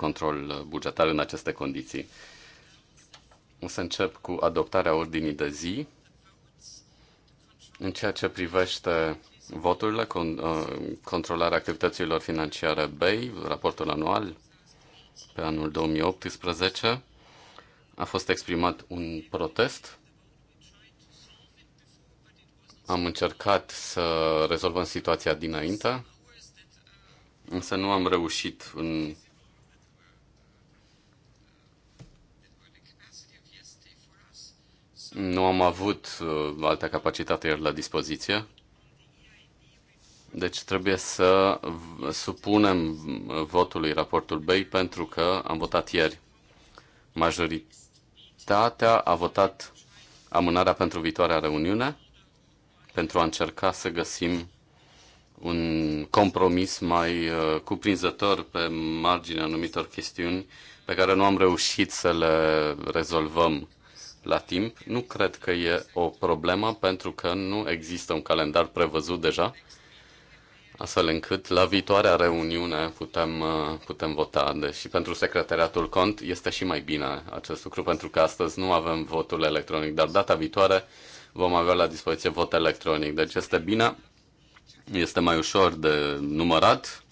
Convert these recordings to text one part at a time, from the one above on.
control bugetar în aceste condiții. O să încep cu adoptarea ordinii de zi. În ceea ce privește voturile, con, uh, controlarea activităților financiare BEI, raportul anual pe anul 2018, a fost exprimat un protest. Am încercat să rezolvăm situația dinainte, însă nu am reușit în Nu am avut uh, alta capacitate ieri la dispoziție. Deci trebuie să supunem votului raportul BEI pentru că am votat ieri. Majoritatea a votat amânarea pentru viitoarea reuniune pentru a încerca să găsim un compromis mai uh, cuprinzător pe marginea anumitor chestiuni pe care nu am reușit să le rezolvăm la timp. Nu cred că e o problemă pentru că nu există un calendar prevăzut deja, astfel încât la viitoarea reuniune putem, uh, putem vota. Deși pentru secretariatul cont este și mai bine acest lucru pentru că astăzi nu avem votul electronic, dar data viitoare vom avea la dispoziție vot electronic. Deci este bine, este mai ușor de numărat,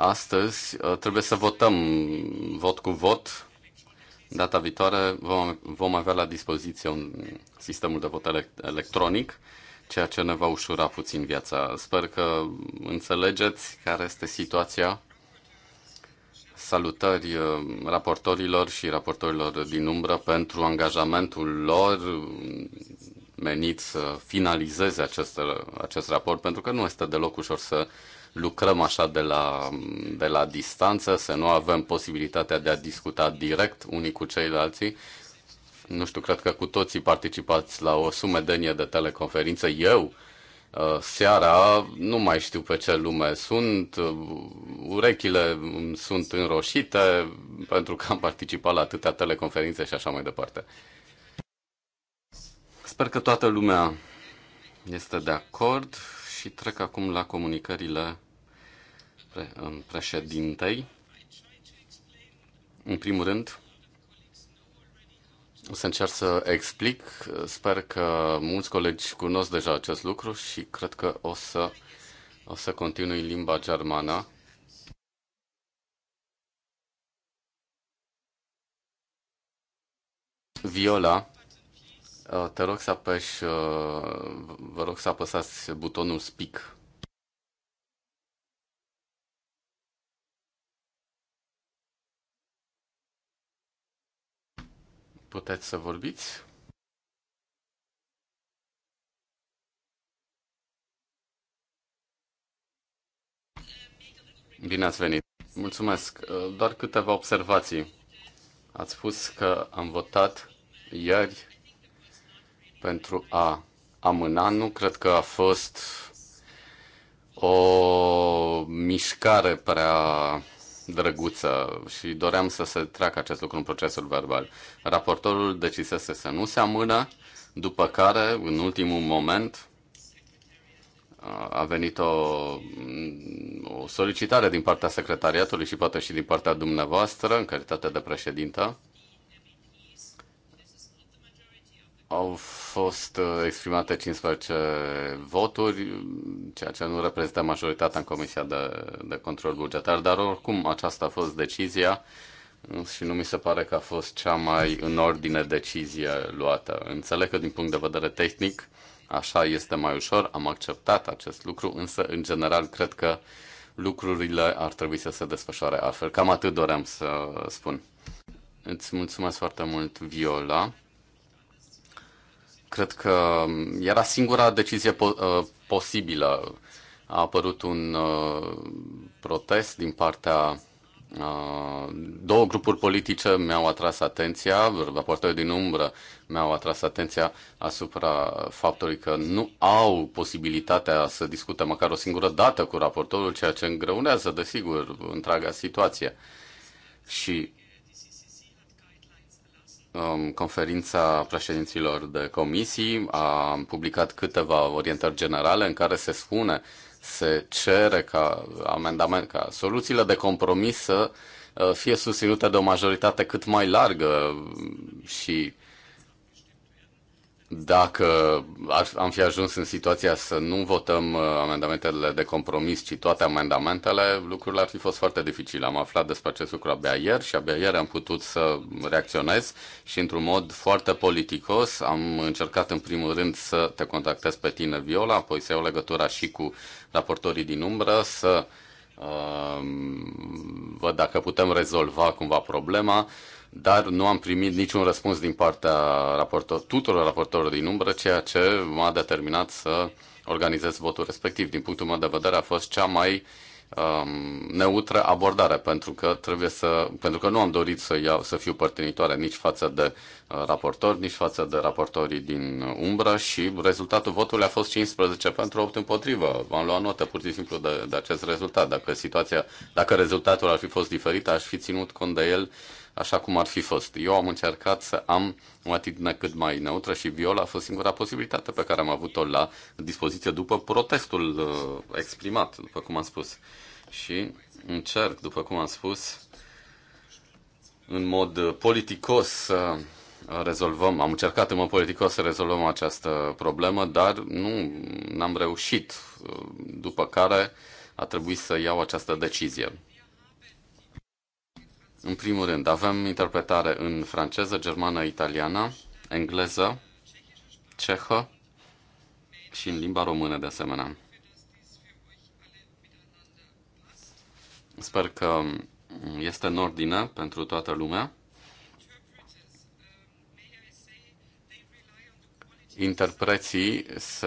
Astăzi uh, trebuie să votăm vot cu vot Data viitoare vom, vom avea la dispoziție un sistemul de vot electronic, ceea ce ne va ușura puțin viața. Sper că înțelegeți care este situația. Salutări uh, raportorilor și raportorilor din umbră pentru angajamentul lor menit să finalizeze acest, acest raport, pentru că nu este deloc ușor să lucrăm așa de la, de la distanță, să nu avem posibilitatea de a discuta direct unii cu ceilalți. Nu știu, cred că cu toții participați la o sumedenie de teleconferințe. Eu, uh, seara, nu mai știu pe ce lume sunt, uh, urechile sunt înroșite pentru că am participat la atâtea teleconferințe și așa mai departe. Sper că toată lumea este de acord și trec acum la comunicările pre- președintei. În primul rând, o să încerc să explic. Sper că mulți colegi cunosc deja acest lucru și cred că o să, o să continui limba germană. Viola Uh, te rog să apăși, uh, vă rog să apăsați butonul speak. Puteți să vorbiți? Bine ați venit. Mulțumesc. Uh, doar câteva observații. Ați spus că am votat ieri pentru a amâna. Nu cred că a fost o mișcare prea drăguță și doream să se treacă acest lucru în procesul verbal. Raportorul decisese să nu se amână, după care, în ultimul moment, a venit o, o solicitare din partea secretariatului și poate și din partea dumneavoastră, în calitate de președintă, Au fost uh, exprimate 15 voturi, ceea ce nu reprezintă majoritatea în Comisia de, de Control Bugetar, dar oricum aceasta a fost decizia și nu mi se pare că a fost cea mai în ordine decizie luată. Înțeleg că din punct de vedere tehnic așa este mai ușor, am acceptat acest lucru, însă în general cred că lucrurile ar trebui să se desfășoare altfel. Cam atât doream să spun. Îți mulțumesc foarte mult, Viola. Cred că era singura decizie po- uh, posibilă. A apărut un uh, protest din partea uh, două grupuri politice mi-au atras atenția, raportorii din umbră mi-au atras atenția asupra faptului că nu au posibilitatea să discute măcar o singură dată cu raportorul, ceea ce îngreunează, desigur, întreaga situație. Și Um, conferința președinților de comisii a publicat câteva orientări generale în care se spune, se cere ca amendament, ca soluțiile de compromis să uh, fie susținute de o majoritate cât mai largă și dacă am fi ajuns în situația să nu votăm uh, amendamentele de compromis, ci toate amendamentele, lucrurile ar fi fost foarte dificile. Am aflat despre acest lucru abia ieri și abia ieri am putut să reacționez și într-un mod foarte politicos am încercat în primul rând să te contactez pe tine, Viola, apoi să iau legătura și cu raportorii din umbră, să uh, văd dacă putem rezolva cumva problema dar nu am primit niciun răspuns din partea raportor, tuturor raportorilor din umbră, ceea ce m-a determinat să organizez votul respectiv. Din punctul meu de vedere a fost cea mai um, neutră abordare, pentru că, trebuie să, pentru că nu am dorit să, iau, să fiu părtinitoare nici față de uh, raportor, nici față de raportorii din umbră și rezultatul votului a fost 15 pentru 8 împotrivă. Am luat notă pur și simplu de, de acest rezultat. Dacă, situația, dacă rezultatul ar fi fost diferit, aș fi ținut cont de el uh, așa cum ar fi fost. Eu am încercat să am o atitudine cât mai neutră și viola a fost singura posibilitate pe care am avut-o la dispoziție după protestul uh, exprimat, după cum am spus. Și încerc, după cum am spus, în mod politicos să rezolvăm, am încercat în mod politicos să rezolvăm această problemă, dar nu n-am reușit, uh, după care a trebuit să iau această decizie. În primul rând, avem interpretare în franceză, germană, italiană, engleză, cehă și în limba română de asemenea. Sper că este în ordine pentru toată lumea. interpreții se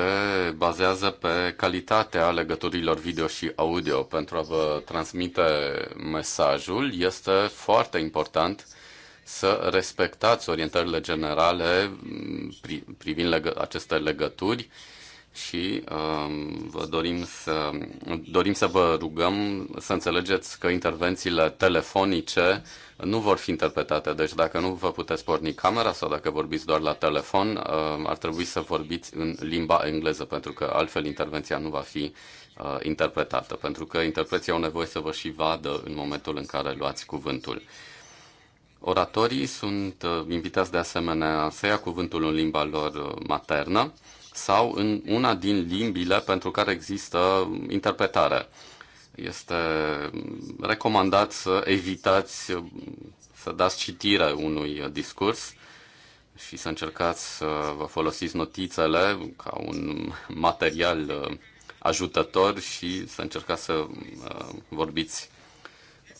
bazează pe calitatea legăturilor video și audio pentru a vă transmite mesajul. Este foarte important să respectați orientările generale privind legă- aceste legături și uh, vă dorim să, dorim să vă rugăm să înțelegeți că intervențiile telefonice nu vor fi interpretate. Deci dacă nu vă puteți porni camera sau dacă vorbiți doar la telefon, uh, ar trebui să vorbiți în limba engleză, pentru că altfel intervenția nu va fi uh, interpretată, pentru că interpreții au nevoie să vă și vadă în momentul în care luați cuvântul. Oratorii sunt uh, invitați de asemenea să ia cuvântul în limba lor uh, maternă sau în una din limbile pentru care există interpretare. Este recomandat să evitați să dați citire unui discurs și să încercați să vă folosiți notițele ca un material uh, ajutător și să încercați să uh, vorbiți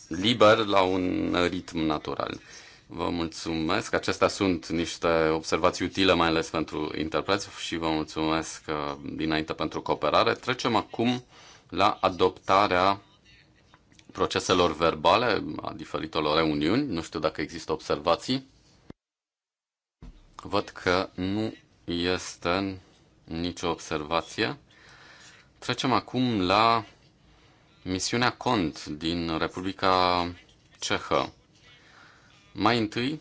liber la un ritm natural. Vă mulțumesc. Acestea sunt niște observații utile, mai ales pentru interpreți și vă mulțumesc uh, dinainte pentru cooperare. Trecem acum la adoptarea proceselor verbale a diferitelor reuniuni. Nu știu dacă există observații. Văd că nu este nicio observație. Trecem acum la misiunea CONT din Republica Cehă. Mai întâi,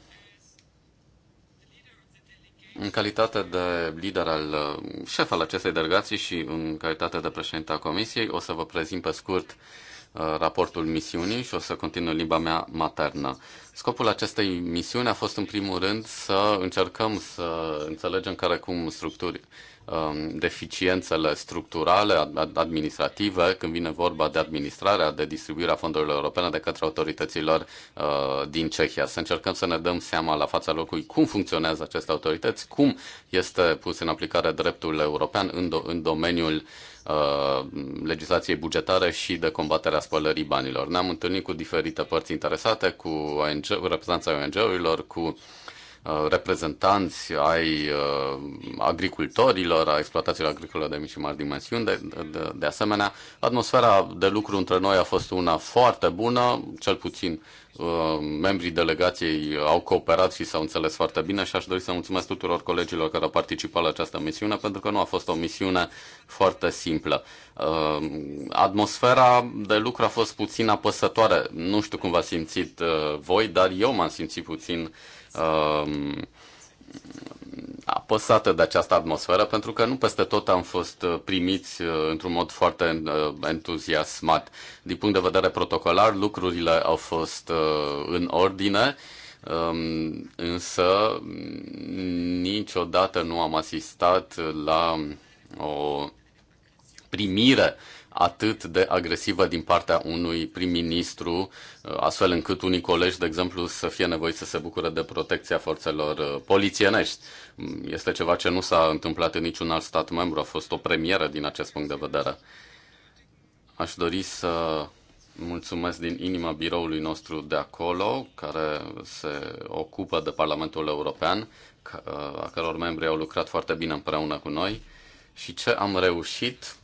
în calitate de lider al uh, șef al acestei delegații și în calitate de președinte a Comisiei, o să vă prezint pe scurt uh, raportul misiunii și o să continui limba mea maternă. Scopul acestei misiuni a fost în primul rând să încercăm să înțelegem care cum structuri Um, deficiențele structurale, administrative, când vine vorba de administrarea, de distribuirea fondurilor europene de către autorităților uh, din Cehia. Să încercăm să ne dăm seama la fața locului cum funcționează aceste autorități, cum este pus în aplicare dreptul european în, do- în domeniul uh, legislației bugetare și de combaterea spălării banilor. Ne-am întâlnit cu diferite părți interesate, cu ONG, reprezentanța ONG-urilor, cu uh, Uh, reprezentanți ai uh, agricultorilor, a exploatațiilor agricole de mici și mari dimensiuni. De, de, de asemenea, atmosfera de lucru între noi a fost una foarte bună, cel puțin uh, membrii delegației au cooperat și s-au înțeles foarte bine și aș dori să mulțumesc tuturor colegilor care au participat la această misiune pentru că nu a fost o misiune foarte simplă. Atmosfera de lucru a fost puțin apăsătoare. Nu știu cum v-ați simțit voi, dar eu m-am simțit puțin uh, uh, apăsată de această atmosferă, pentru că nu peste tot am fost uh, primiți uh, într-un mod foarte uh, entuziasmat. Din punct de vedere protocolar, lucrurile au fost în ordine, um, însă niciodată nu am asistat la o primire atât de agresivă din partea unui prim-ministru, uh, astfel încât unii colegi, de exemplu, să fie nevoiți să se bucure de protecția forțelor uh, polițienești. Mm, este ceva ce nu s-a întâmplat în niciun alt stat membru, a fost o premieră din acest punct de vedere. Aș dori să mulțumesc din inima biroului nostru de acolo, care se ocupă de Parlamentul European, uh, a căror membri au lucrat foarte bine împreună cu noi și ce am reușit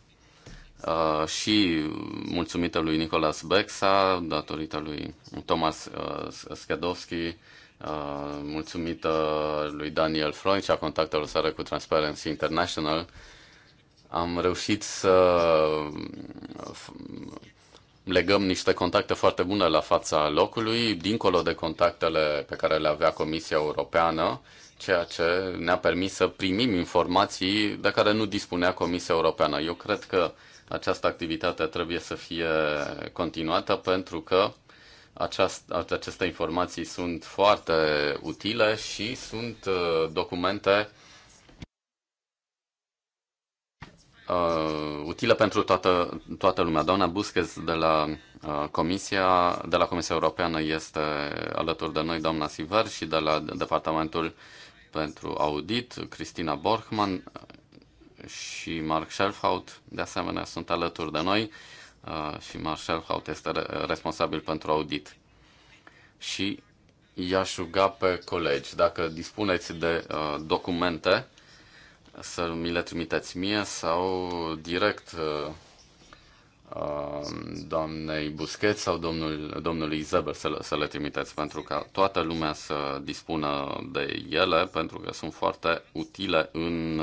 Uh, și mulțumită lui Nicolas Bexa, datorită lui Thomas uh, Skedowski, uh, mulțumită lui Daniel Freund și a contactelor sale cu Transparency International, am reușit să legăm niște contacte foarte bune la fața locului, dincolo de contactele pe care le avea Comisia Europeană, ceea ce ne-a permis să primim informații de care nu dispunea Comisia Europeană. Eu cred că uh, această activitate trebuie să fie continuată pentru că aceast, aceste informații sunt foarte utile și sunt uh, documente uh, utile pentru toată, toată lumea. Doamna Busquez de la, uh, Comisia, de la Comisia Europeană este alături de noi, doamna Siver, și de la Departamentul pentru Audit, Cristina Borchman și Mark Schelfhout, de asemenea, sunt alături de noi uh, și Mark Schelfhout este responsabil pentru audit. Și i-aș ruga pe colegi, dacă dispuneți de uh, documente, să mi le trimiteți mie sau direct uh, doamnei Buschet sau domnul, domnului Zeber să, le, să le trimiteți pentru ca toată lumea să dispună de ele pentru că sunt foarte utile în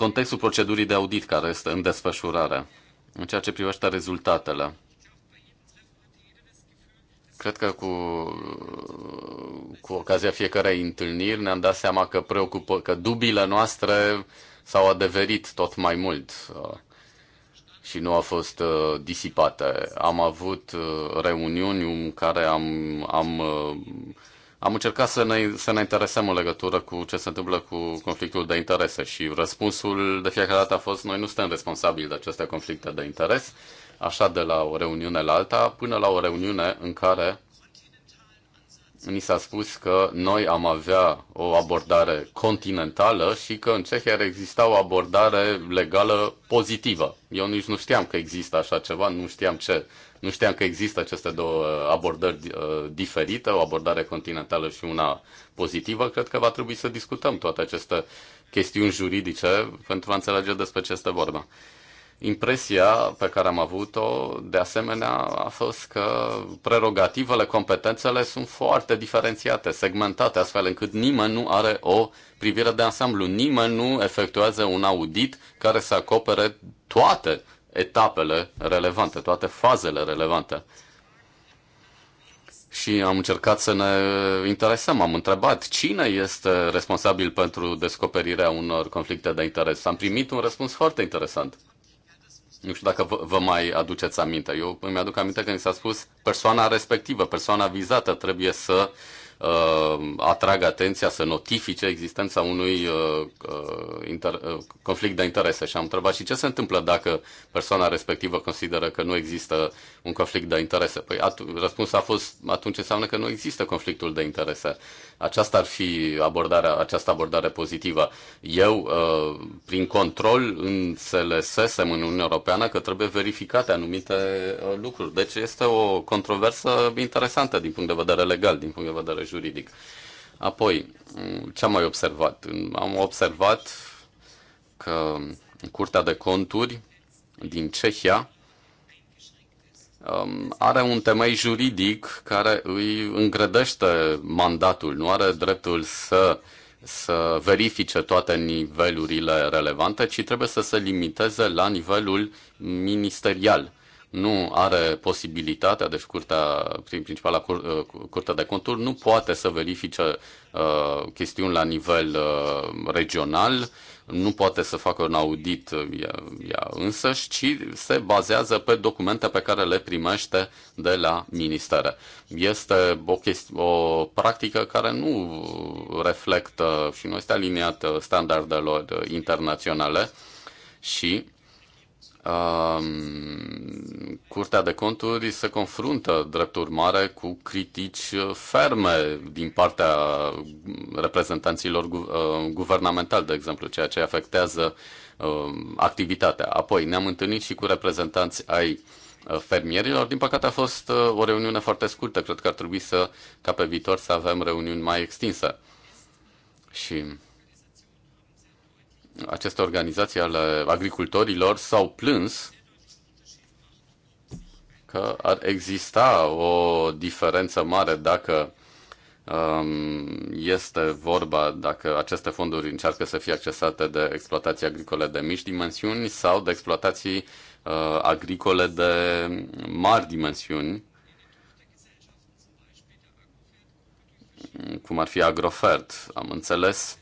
contextul procedurii de audit care este în desfășurare, în ceea ce privește rezultatele. Cred că cu, cu ocazia fiecarei întâlniri ne-am dat seama că, preocupă, că dubile noastre s-au adeverit tot mai mult uh, și nu au fost uh, disipate. Am avut uh, reuniuni în care am, am am încercat să ne, să ne interesăm o legătură cu ce se întâmplă cu conflictul de interese și răspunsul de fiecare dată a fost noi nu suntem responsabili de aceste conflicte de interes, așa de la o reuniune la alta, până la o reuniune în care ni s-a spus că noi am avea o abordare continentală și că în Cehia exista o abordare legală pozitivă. Eu nici nu știam că există așa ceva, nu știam ce nu știam că există aceste două abordări uh, diferite, o abordare continentală și una pozitivă. Cred că va trebui să discutăm toate aceste chestiuni juridice pentru a înțelege despre ce este vorba. Impresia pe care am avut-o, de asemenea, a fost că prerogativele, competențele sunt foarte diferențiate, segmentate, astfel încât nimeni nu are o privire de ansamblu, nimeni nu efectuează un audit care să acopere toate etapele relevante, toate fazele relevante. Și am încercat să ne interesăm, am întrebat cine este responsabil pentru descoperirea unor conflicte de interes. Am primit un răspuns foarte interesant. Nu știu dacă vă mai aduceți aminte. Eu îmi aduc aminte că mi s-a spus persoana respectivă, persoana vizată trebuie să uh, uh, atragă atenția, să notifice existența unui uh, uh, inter- uh, conflict de interese. Și am întrebat și ce se întâmplă dacă persoana respectivă consideră că nu există un conflict de interese. Păi at- răspunsul a fost atunci înseamnă că nu există conflictul de interese. Uh, aceasta ar fi abordarea, această abordare pozitivă. Eu, uh, prin control, înțelesesem în Uniunea Europeană că trebuie verificate anumite uh, lucruri. Deci este o controversă interesantă din punct de vedere legal, din punct de vedere juridic. Apoi, mm, ce am mai observat? Am observat că Curtea de Conturi din Cehia um, are un temei juridic care îi îngrădește mandatul, nu are dreptul să să verifice toate nivelurile relevante, ci trebuie să se limiteze la nivelul ministerial. Nu are posibilitatea, deci curtea, prin principala cur, uh, curte de conturi, nu poate să verifice uh, chestiuni la nivel uh, regional, nu poate să facă un audit uh, ea, ea însăși, ci se bazează pe documente pe care le primește de la ministere. Este o, chesti- o practică care nu reflectă și nu este aliniată standardelor internaționale și Um, Curtea de Conturi se confruntă, drept urmare, cu critici uh, ferme din partea reprezentanților uh, guvernamentali, de exemplu, ceea ce afectează um, activitatea. Apoi ne-am întâlnit și cu reprezentanți ai uh, fermierilor. Din păcate a fost o reuniune foarte scurtă. Cred că ar trebui să, ca pe viitor, să avem reuniuni mai extinse. Și aceste organizații ale agricultorilor s-au plâns că ar exista o diferență mare dacă um, este vorba dacă aceste fonduri încearcă să fie accesate de exploatații agricole de mici dimensiuni sau de exploatații uh, agricole de mari dimensiuni, cum ar fi agrofert. Am înțeles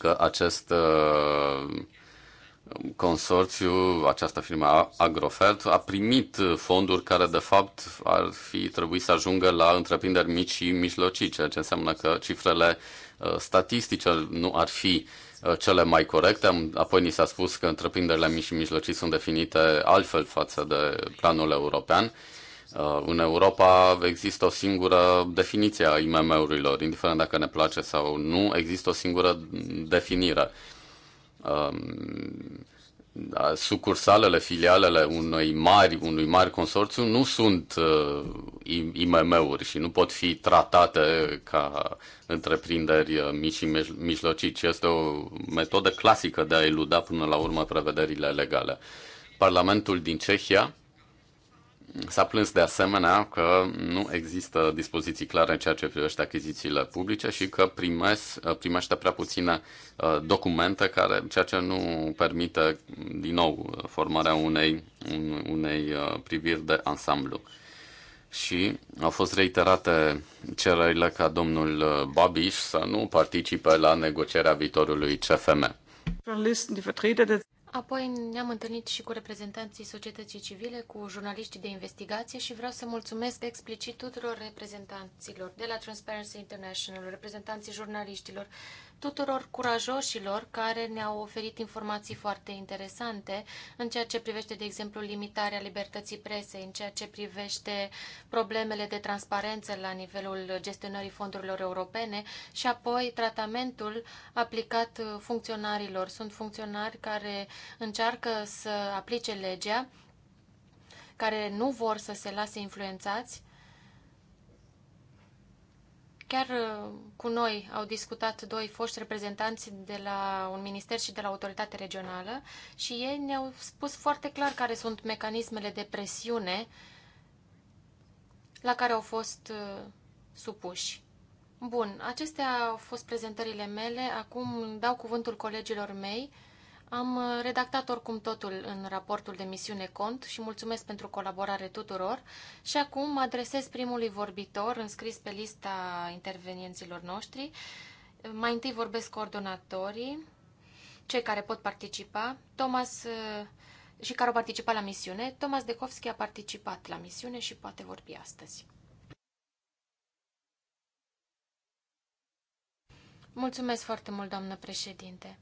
că acest uh, consorțiu, această firmă Agrofert, a primit fonduri care de fapt ar fi trebuit să ajungă la întreprinderi mici și mijlocii, ceea ce înseamnă că cifrele uh, statistice nu ar fi uh, cele mai corecte. Apoi ni s-a spus că întreprinderile mici și mijlocii sunt definite altfel față de planul european Uh, în Europa există o singură definiție a IMM-urilor, indiferent dacă ne place sau nu, există o singură definire. Um, da, sucursalele, filialele unui mari, unui mari consorțiu nu sunt uh, IMM-uri și nu pot fi tratate ca întreprinderi uh, mici și mijlocii, ci este o metodă clasică de a eluda până la urmă prevederile legale. Parlamentul din Cehia S-a plâns de asemenea că nu există dispoziții clare în ceea ce privește achizițiile publice și că primes, primește prea puține uh, documente, care, ceea ce nu permite, din nou, formarea unei, unei uh, priviri de ansamblu. Și au fost reiterate cererile ca domnul uh, Babiș să nu participe la negocierea viitorului CFM. Apoi ne-am întâlnit și cu reprezentanții societății civile, cu jurnaliștii de investigație și vreau să mulțumesc explicit tuturor reprezentanților de la Transparency International, reprezentanții jurnaliștilor, tuturor curajoșilor care ne-au oferit informații foarte interesante în ceea ce privește, de exemplu, limitarea libertății presei, în ceea ce privește problemele de transparență la nivelul gestionării fondurilor europene și apoi tratamentul aplicat funcționarilor. Sunt funcționari care încearcă să aplice legea, care nu vor să se lase influențați Chiar uh, cu noi au discutat doi foști reprezentanți de la un minister și de la autoritate regională și ei ne-au spus foarte clar care sunt mecanismele de presiune la care au fost uh, supuși. Bun, acestea au fost prezentările mele. Acum dau cuvântul colegilor mei am uh, redactat oricum totul în raportul de misiune cont și mulțumesc pentru colaborare tuturor. Și acum mă adresez primului vorbitor înscris pe lista intervenienților noștri. Mai întâi vorbesc coordonatorii, cei care pot participa, Thomas uh, și care au participat la misiune. Thomas Dekovski a participat la misiune și poate vorbi astăzi. Mulțumesc foarte mult, doamnă președinte.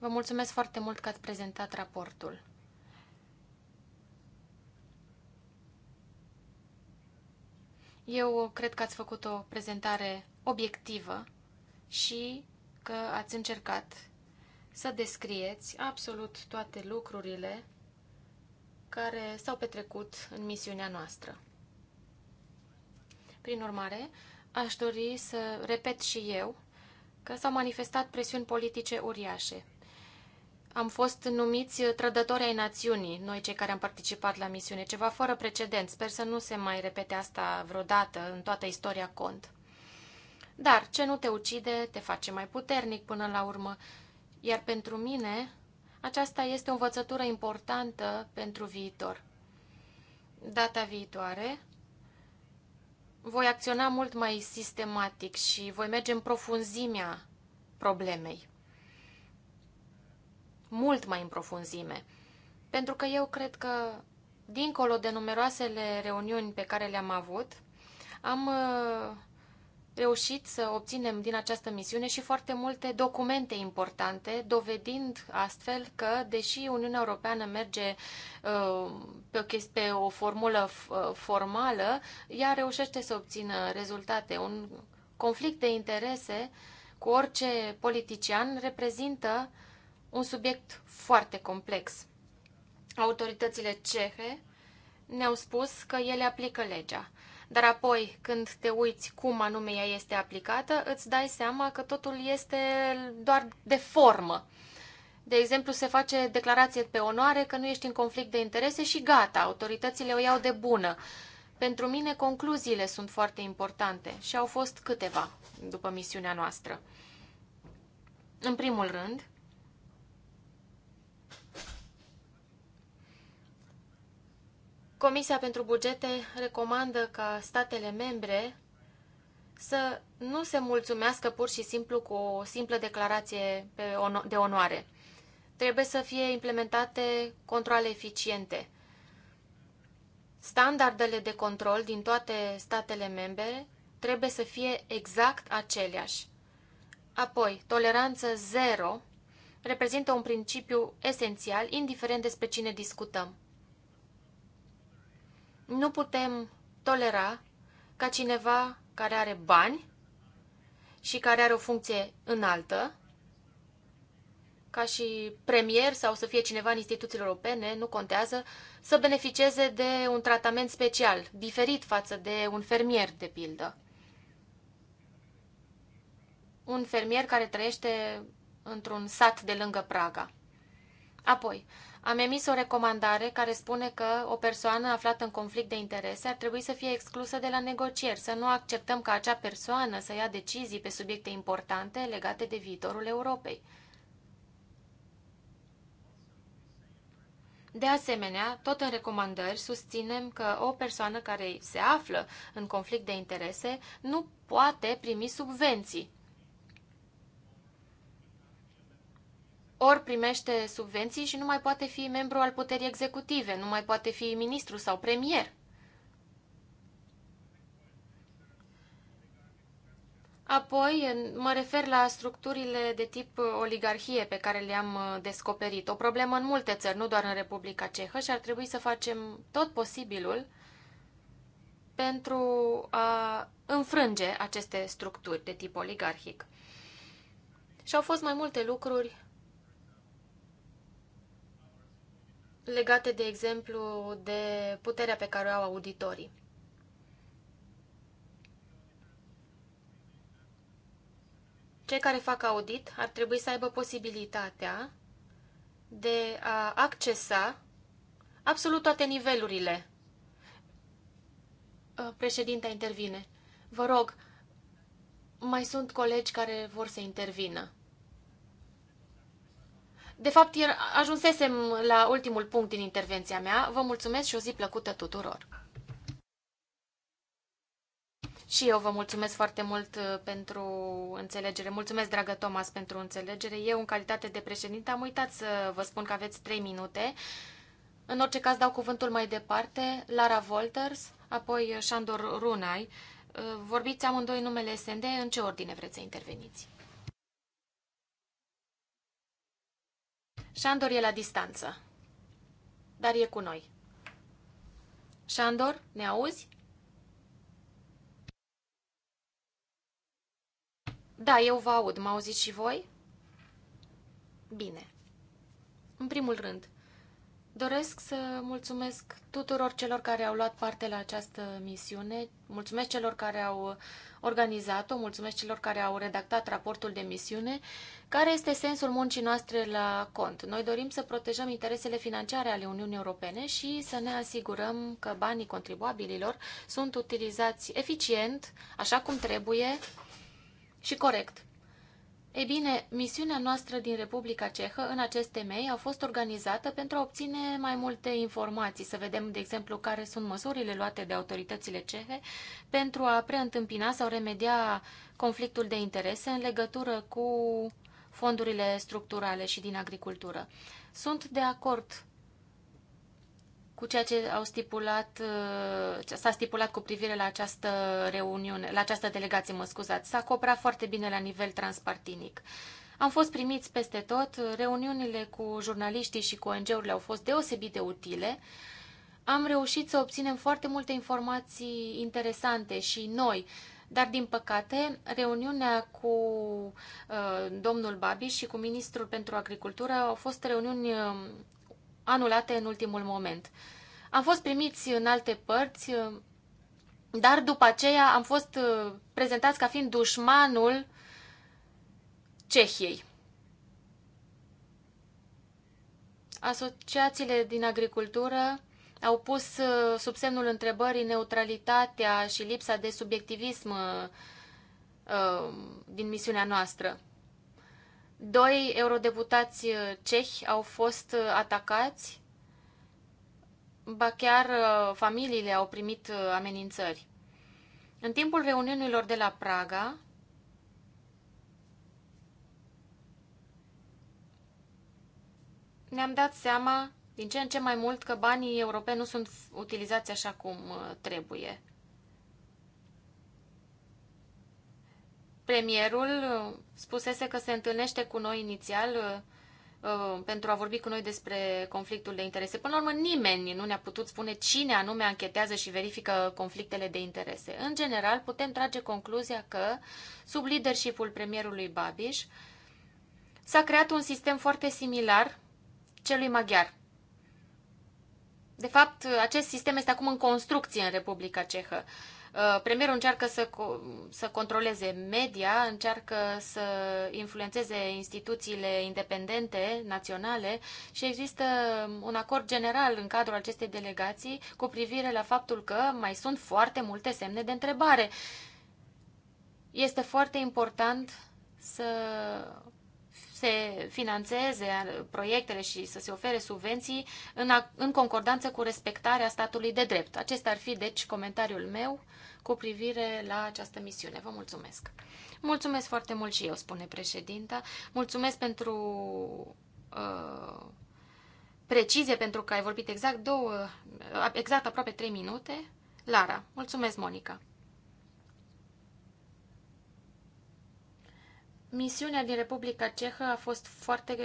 Vă mulțumesc foarte mult că ați prezentat raportul. Eu cred că ați făcut o prezentare obiectivă și că ați încercat să descrieți absolut toate lucrurile care s-au petrecut în misiunea noastră. Prin urmare, aș dori să repet și eu că s-au manifestat presiuni politice uriașe am fost numiți trădători ai națiunii, noi cei care am participat la misiune, ceva fără precedent. Sper să nu se mai repete asta vreodată în toată istoria cont. Dar ce nu te ucide, te face mai puternic până la urmă. Iar pentru mine, aceasta este o învățătură importantă pentru viitor. Data viitoare voi acționa mult mai sistematic și voi merge în profunzimea problemei mult mai în profunzime. Pentru că eu cred că, dincolo de numeroasele reuniuni pe care le-am avut, am uh, reușit să obținem din această misiune și foarte multe documente importante, dovedind astfel că, deși Uniunea Europeană merge uh, pe o, pe o formulă uh, formală, ea reușește să obțină rezultate. Un conflict de interese cu orice politician reprezintă uh, un subiect foarte complex. Autoritățile cehe ne-au spus că ele aplică legea, dar apoi când te uiți cum anume ea este aplicată, îți dai seama că totul este doar de formă. De exemplu, se face declarație pe onoare că nu ești în conflict de interese și gata, autoritățile o iau de bună. Pentru mine, concluziile sunt foarte importante și au fost câteva după misiunea noastră. În primul rând, Comisia pentru bugete recomandă ca statele membre să nu se mulțumească pur și simplu cu o simplă declarație de onoare. Trebuie să fie implementate controle eficiente. Standardele de control din toate statele membre trebuie să fie exact aceleași. Apoi, toleranță zero reprezintă un principiu esențial, indiferent despre cine discutăm. Nu putem tolera ca cineva care are bani și care are o funcție înaltă, ca și premier sau să fie cineva în instituțiile europene, nu contează, să beneficieze de un tratament special, diferit față de un fermier, de pildă. Un fermier care trăiește într-un sat de lângă Praga. Apoi, am emis o recomandare care spune că o persoană aflată în conflict de interese ar trebui să fie exclusă de la negocieri, să nu acceptăm ca acea persoană să ia decizii pe subiecte importante legate de viitorul Europei. De asemenea, tot în recomandări susținem că o persoană care se află în conflict de interese nu poate primi subvenții. ori primește subvenții și nu mai poate fi membru al puterii executive, nu mai poate fi ministru sau premier. Apoi mă refer la structurile de tip uh, oligarhie pe care le-am uh, descoperit. O problemă în multe țări, nu doar în Republica Cehă și ar trebui să facem tot posibilul pentru a înfrânge aceste structuri de tip oligarhic. Și au fost mai multe lucruri legate, de exemplu, de puterea pe care o au auditorii. Cei care fac audit ar trebui să aibă posibilitatea de a accesa absolut toate nivelurile. Uh, președinta intervine. Vă rog, mai sunt colegi care vor să intervină. De fapt, ajunsesem la ultimul punct din intervenția mea. Vă mulțumesc și o zi plăcută tuturor! Și eu vă mulțumesc foarte mult uh, pentru înțelegere. Mulțumesc, dragă Thomas, pentru înțelegere. Eu, în calitate de președinte, am uitat să vă spun că aveți 3 minute. În orice caz, dau cuvântul mai departe. Lara Wolters, apoi Shandor Runai. Uh, vorbiți amândoi numele SND. În ce ordine vreți să interveniți? Șandor e la distanță, dar e cu noi. Șandor, ne auzi? Da, eu vă aud. Mă auziți și voi? Bine. În primul rând, Doresc să mulțumesc tuturor celor care au luat parte la această misiune, mulțumesc celor care au organizat-o, mulțumesc celor care au redactat raportul de misiune, care este sensul muncii noastre la cont. Noi dorim să protejăm interesele financiare ale Uniunii Europene și să ne asigurăm că banii contribuabililor sunt utilizați eficient, așa cum trebuie și corect. Ei bine, misiunea noastră din Republica Cehă în acest temei a fost organizată pentru a obține mai multe informații, să vedem, de exemplu, care sunt măsurile luate de autoritățile cehe pentru a preîntâmpina sau remedia conflictul de interese în legătură cu fondurile structurale și din agricultură. Sunt de acord cu ceea ce au stipulat, uh, s-a stipulat cu privire la această reuniune, la această delegație, mă scuzați. S-a cooperat foarte bine la nivel transpartinic. Am fost primiți peste tot, reuniunile cu jurnaliștii și cu ONG-urile au fost deosebit de utile. Am reușit să obținem foarte multe informații interesante și noi, dar din păcate reuniunea cu uh, domnul Babi și cu ministrul pentru agricultură au fost reuniuni um, anulate în ultimul moment. Am fost primiți în alte părți, dar după aceea am fost uh, prezentați ca fiind dușmanul Cehiei. Asociațiile din agricultură au pus uh, sub semnul întrebării neutralitatea și lipsa de subiectivism uh, din misiunea noastră. Doi eurodeputați uh, cehi au fost uh, atacați, ba chiar uh, familiile au primit amenințări. În timpul reuniunilor de la Praga, ne-am dat seama din ce în ce mai mult că banii europeni nu sunt utilizați așa cum trebuie. Premierul uh, spusese că se întâlnește cu noi inițial uh, uh, pentru a vorbi cu noi despre conflictul de interese. Până la urmă, nimeni nu ne-a putut spune cine anume anchetează și verifică conflictele de interese. În general, putem trage concluzia că, sub leadership premierului Babiș, s-a creat un sistem foarte similar celui maghiar. De fapt, acest sistem este acum în construcție în Republica Cehă. Uh, premierul încearcă să, să controleze media, încearcă să influențeze instituțiile independente, naționale și există un acord general în cadrul acestei delegații cu privire la faptul că mai sunt foarte multe semne de întrebare. Este foarte important să se finanțeze proiectele și să se ofere subvenții în, a, în concordanță cu respectarea statului de drept. Acesta ar fi, deci, comentariul meu cu privire la această misiune. Vă mulțumesc! Mulțumesc foarte mult și eu, spune președinta. Mulțumesc pentru uh, precizie, pentru că ai vorbit exact două, uh, exact aproape trei minute. Lara, mulțumesc, Monica! Misiunea din Republica Cehă a fost foarte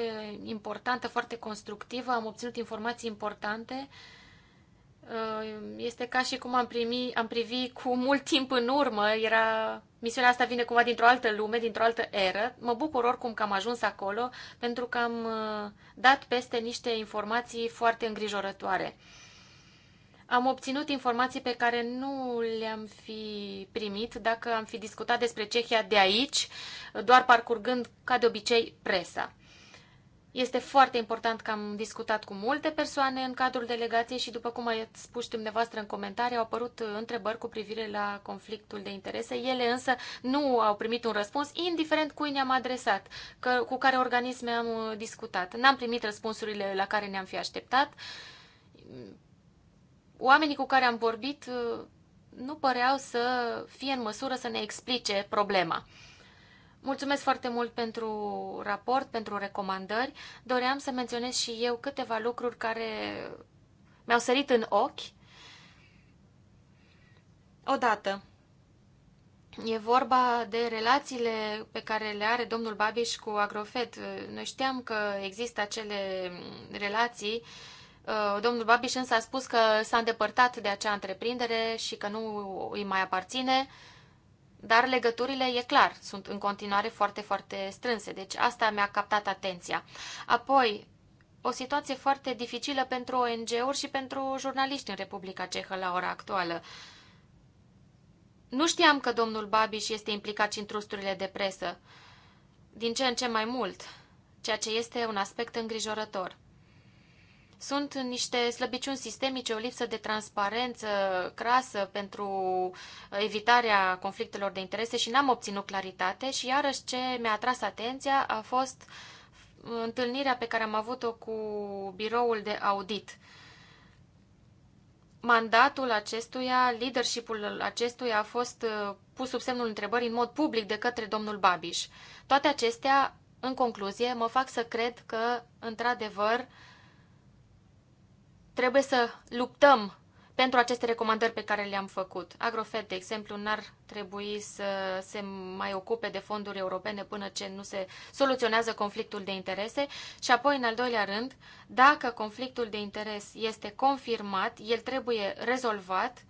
importantă, foarte constructivă, am obținut informații importante. Este ca și cum am, primi, am privit cu mult timp în urmă, era, misiunea asta vine cumva dintr-o altă lume, dintr-o altă eră. Mă bucur oricum că am ajuns acolo, pentru că am uh, dat peste niște informații foarte îngrijorătoare am obținut informații pe care nu le-am fi primit dacă am fi discutat despre Cehia de aici, doar parcurgând, ca de obicei, presa. Este foarte important că am discutat cu multe persoane în cadrul delegației și, după cum ați spus dumneavoastră în comentarii, au apărut uh, întrebări cu privire la conflictul de interese. Ele însă nu au primit un răspuns, indiferent cui ne-am adresat, că, cu care organisme am uh, discutat. N-am primit răspunsurile la care ne-am fi așteptat oamenii cu care am vorbit uh, nu păreau să fie în măsură să ne explice problema. Mulțumesc foarte mult pentru raport, pentru recomandări. Doream să menționez și eu câteva lucruri care mi-au sărit în ochi. Odată, e vorba de relațiile pe care le are domnul Babiș cu Agrofet. Noi știam că există acele relații uh, Uh, domnul Babiș însă a spus că s-a îndepărtat de acea întreprindere și că nu îi mai aparține, dar legăturile, e clar, sunt în continuare foarte, foarte strânse. Deci asta mi-a captat atenția. Apoi, o situație foarte dificilă pentru ONG-uri și pentru jurnaliști în Republica Cehă la ora actuală. Nu știam că domnul Babiș este implicat și în trusturile de presă, din ce în ce mai mult, ceea ce este un aspect îngrijorător. Sunt niște slăbiciuni sistemice, o lipsă de transparență crasă pentru uh, evitarea conflictelor de interese și n-am obținut claritate și iarăși ce mi-a atras atenția a fost uh, întâlnirea pe care am avut-o cu biroul de audit. Mandatul acestuia, leadership-ul acestuia a fost uh, pus sub semnul întrebării în mod public de către domnul Babiș. Toate acestea, în concluzie, mă fac să cred că, într-adevăr, trebuie să luptăm pentru aceste recomandări pe care le-am făcut. Agrofed, de exemplu, n-ar trebui să se mai ocupe de fonduri europene până ce nu se soluționează conflictul de interese și apoi, în al doilea rând, dacă conflictul de interes este confirmat, el trebuie rezolvat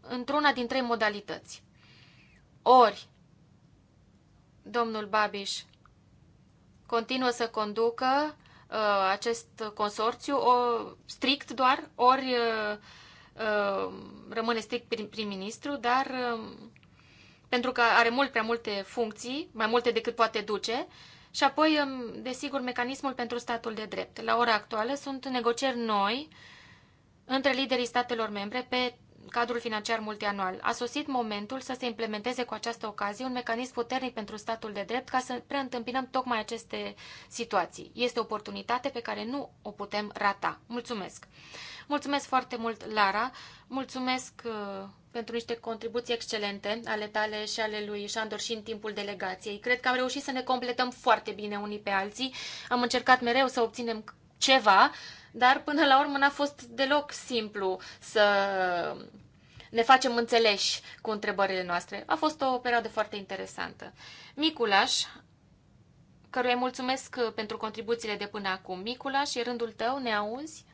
într-una din trei modalități. Ori, domnul Babiș continuă să conducă Uh, acest consorțiu o, strict doar, ori uh, uh, rămâne strict prim-ministru, dar um, pentru că are mult prea multe funcții, mai multe decât poate duce, și apoi, um, desigur, mecanismul pentru statul de drept. La ora actuală sunt negocieri noi între liderii statelor membre pe cadrul financiar multianual. A sosit momentul să se implementeze cu această ocazie un mecanism puternic pentru statul de drept ca să preîntâmpinăm tocmai aceste situații. Este o oportunitate pe care nu o putem rata. Mulțumesc! Mulțumesc foarte mult, Lara! Mulțumesc uh, pentru niște contribuții excelente ale tale și ale lui Șandor și în timpul delegației. Cred că am reușit să ne completăm foarte bine unii pe alții. Am încercat mereu să obținem ceva dar până la urmă n-a fost deloc simplu să ne facem înțeleși cu întrebările noastre. A fost o perioadă foarte interesantă. Miculaș, căruia îi mulțumesc pentru contribuțiile de până acum. Miculaș, e rândul tău, ne auzi?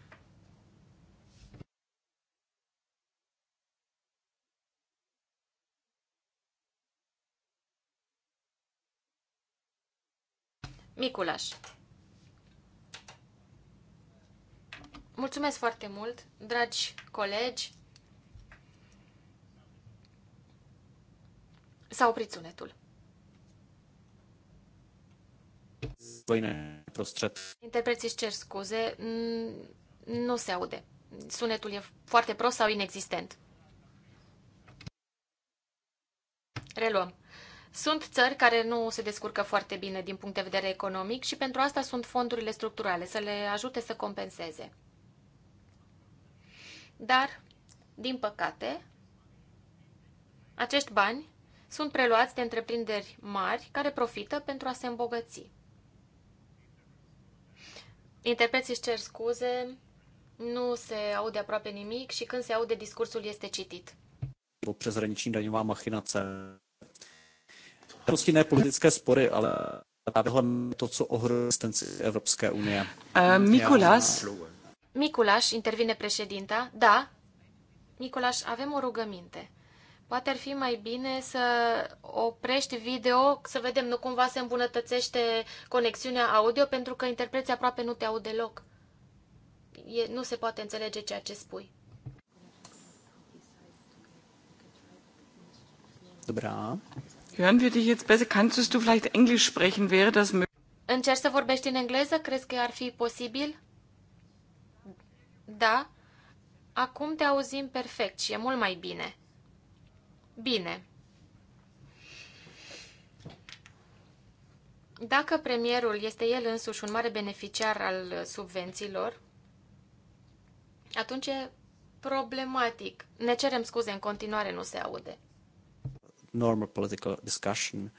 Miculaș. Mulțumesc foarte mult, dragi colegi. S-a oprit sunetul. Interpreții își cer scuze, nu se aude. Sunetul e foarte prost sau inexistent. Reluăm. Sunt țări care nu se descurcă foarte bine din punct de vedere economic și pentru asta sunt fondurile structurale, să le ajute să compenseze dar, din păcate, acești bani sunt preluați de întreprinderi mari care profită pentru a se îmbogăți. Interpreții își cer scuze, nu se aude aproape nimic și când se aude, discursul este citit. Přeshraniční daňová machinace. Prostě ne politické spory, ale právě to, co ohrožuje existenci Evropské unie. Uh, Mikuláš, Miculaș, intervine președinta, da, Miculaș, avem o rugăminte. Poate ar fi mai bine să oprești video, să vedem nu cumva se îmbunătățește conexiunea audio, pentru că interpreții aproape nu te aud deloc. E, nu se poate înțelege ceea ce spui. Hören wir dich jetzt besser? Kannst du vielleicht Englisch sprechen? Wäre das möglich? Încerci să vorbești în engleză? Crezi că ar fi posibil? Da, acum te auzim perfect și e mult mai bine. Bine. Dacă premierul este el însuși un mare beneficiar al subvențiilor, atunci e problematic. Ne cerem scuze, în continuare nu se aude. Normal political discussion.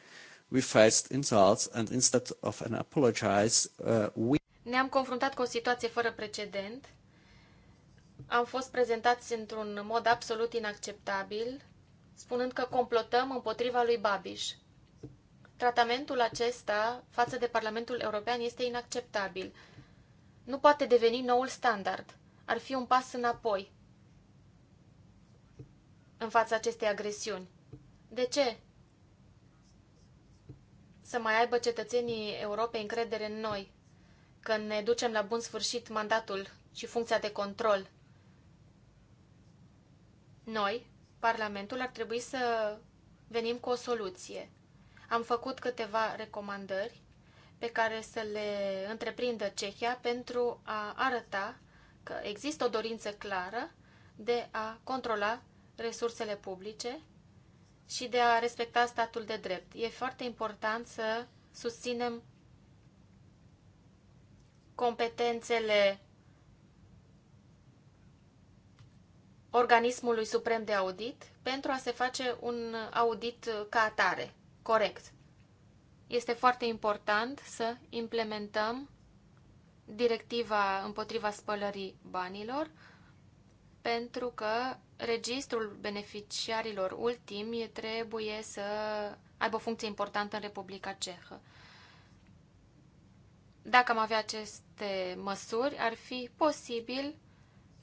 We faced insults and instead of an apologize, uh, we... Ne-am confruntat cu o situație fără precedent am fost prezentați într-un mod absolut inacceptabil, spunând că complotăm împotriva lui Babiș. Tratamentul acesta față de Parlamentul European este inacceptabil. Nu poate deveni noul standard. Ar fi un pas înapoi în fața acestei agresiuni. De ce? Să mai aibă cetățenii Europei încredere în noi, când ne ducem la bun sfârșit mandatul și funcția de control noi, Parlamentul, ar trebui să venim cu o soluție. Am făcut câteva recomandări pe care să le întreprindă Cehia pentru a arăta că există o dorință clară de a controla resursele publice și de a respecta statul de drept. E foarte important să susținem competențele organismului suprem de audit pentru a se face un audit ca atare, corect. Este foarte important să implementăm directiva împotriva spălării banilor, pentru că registrul beneficiarilor ultimi trebuie să aibă o funcție importantă în Republica Cehă. Dacă am avea aceste măsuri, ar fi posibil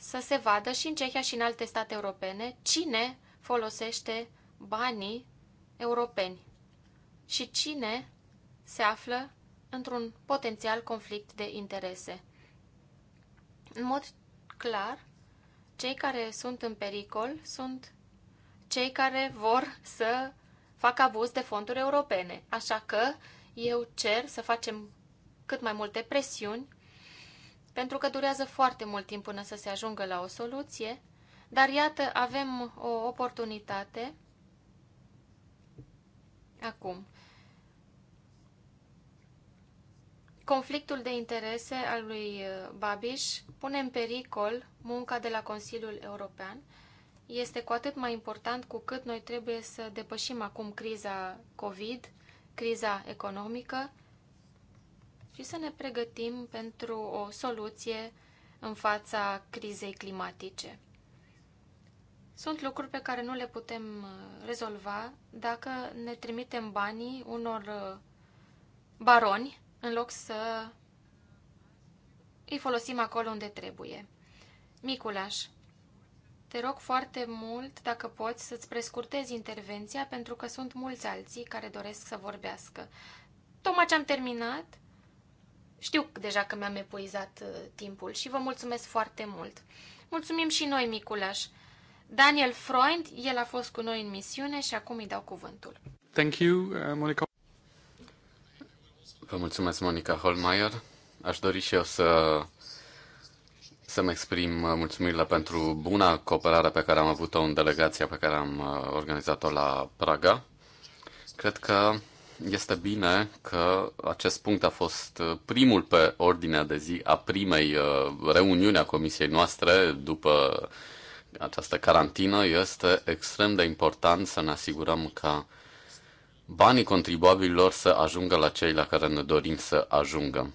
să se vadă și în Cehia și în alte state europene cine folosește banii europeni și cine se află într-un potențial conflict de interese. În mod clar, cei care sunt în pericol sunt cei care vor să facă abuz de fonduri europene. Așa că eu cer să facem cât mai multe presiuni pentru că durează foarte mult timp până să se ajungă la o soluție, dar iată, avem o oportunitate acum. Conflictul de interese al lui uh, Babiș pune în pericol munca de la Consiliul European. Este cu atât mai important cu cât noi trebuie să depășim acum criza COVID, criza economică și să ne pregătim pentru o soluție în fața crizei climatice. Sunt lucruri pe care nu le putem uh, rezolva dacă ne trimitem banii unor uh, baroni în loc să îi folosim acolo unde trebuie. Miculaș, te rog foarte mult dacă poți să-ți prescurtezi intervenția pentru că sunt mulți alții care doresc să vorbească. Tocmai ce am terminat știu deja că mi-am epuizat uh, timpul și vă mulțumesc foarte mult. Mulțumim și noi, Miculeș. Daniel Freund, el a fost cu noi în misiune și acum îi dau cuvântul. Thank you, uh, Monica. Vă mulțumesc, Monica Holmeier. Aș dori și eu să să-mi exprim uh, mulțumirile pentru buna cooperare pe care am avut-o în delegația pe care am organizat-o la Praga. Cred că este bine că acest punct a fost uh, primul pe ordinea de zi a primei uh, reuniuni a comisiei noastre după această carantină. Este extrem de important să ne asigurăm ca banii contribuabililor să ajungă la cei la care ne dorim să ajungă.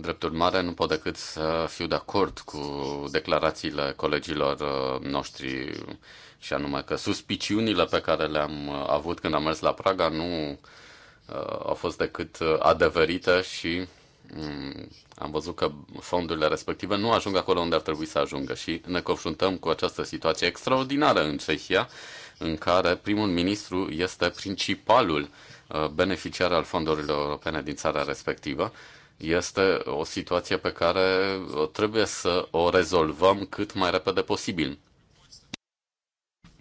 Drept urmare, nu pot decât să fiu de acord cu declarațiile colegilor uh, noștri și anume că suspiciunile pe care le-am uh, avut când am mers la Praga nu uh, au fost decât adeverite și mm, am văzut că fondurile respective nu ajung acolo unde ar trebui să ajungă și ne confruntăm cu această situație extraordinară în Cehia, în care primul ministru este principalul beneficiar al fondurilor europene din țara respectivă este o situație pe care uh, trebuie să o rezolvăm cât mai repede posibil.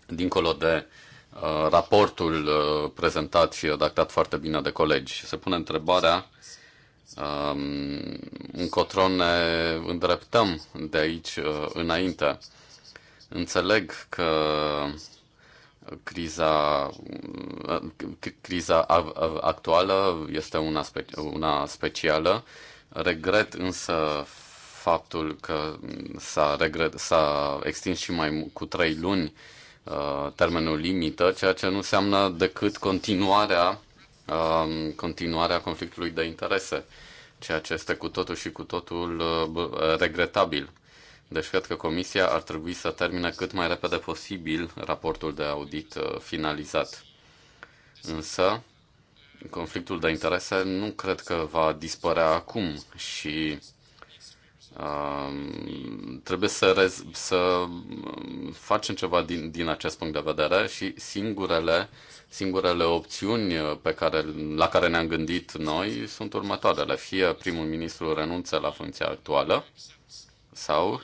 Dincolo de uh, raportul uh, prezentat și redactat foarte bine de colegi, se pune întrebarea um, încotro ne îndreptăm de aici uh, înainte. Înțeleg că criza, criza actuală este una, spe, una specială. Regret însă faptul că s-a, regret, s-a extins și mai cu trei luni uh, termenul limită, ceea ce nu înseamnă decât continuarea, um, continuarea conflictului de interese, ceea ce este cu totul și cu totul uh, regretabil. Deci cred că Comisia ar trebui să termine cât mai repede posibil raportul de audit uh, finalizat. Însă, conflictul de interese nu cred că va dispărea acum și uh, trebuie să, rez- să um, facem ceva din, din acest punct de vedere și singurele, singurele opțiuni uh, pe care, la care ne-am gândit noi sunt următoarele. Fie primul ministru renunță la funcția actuală sau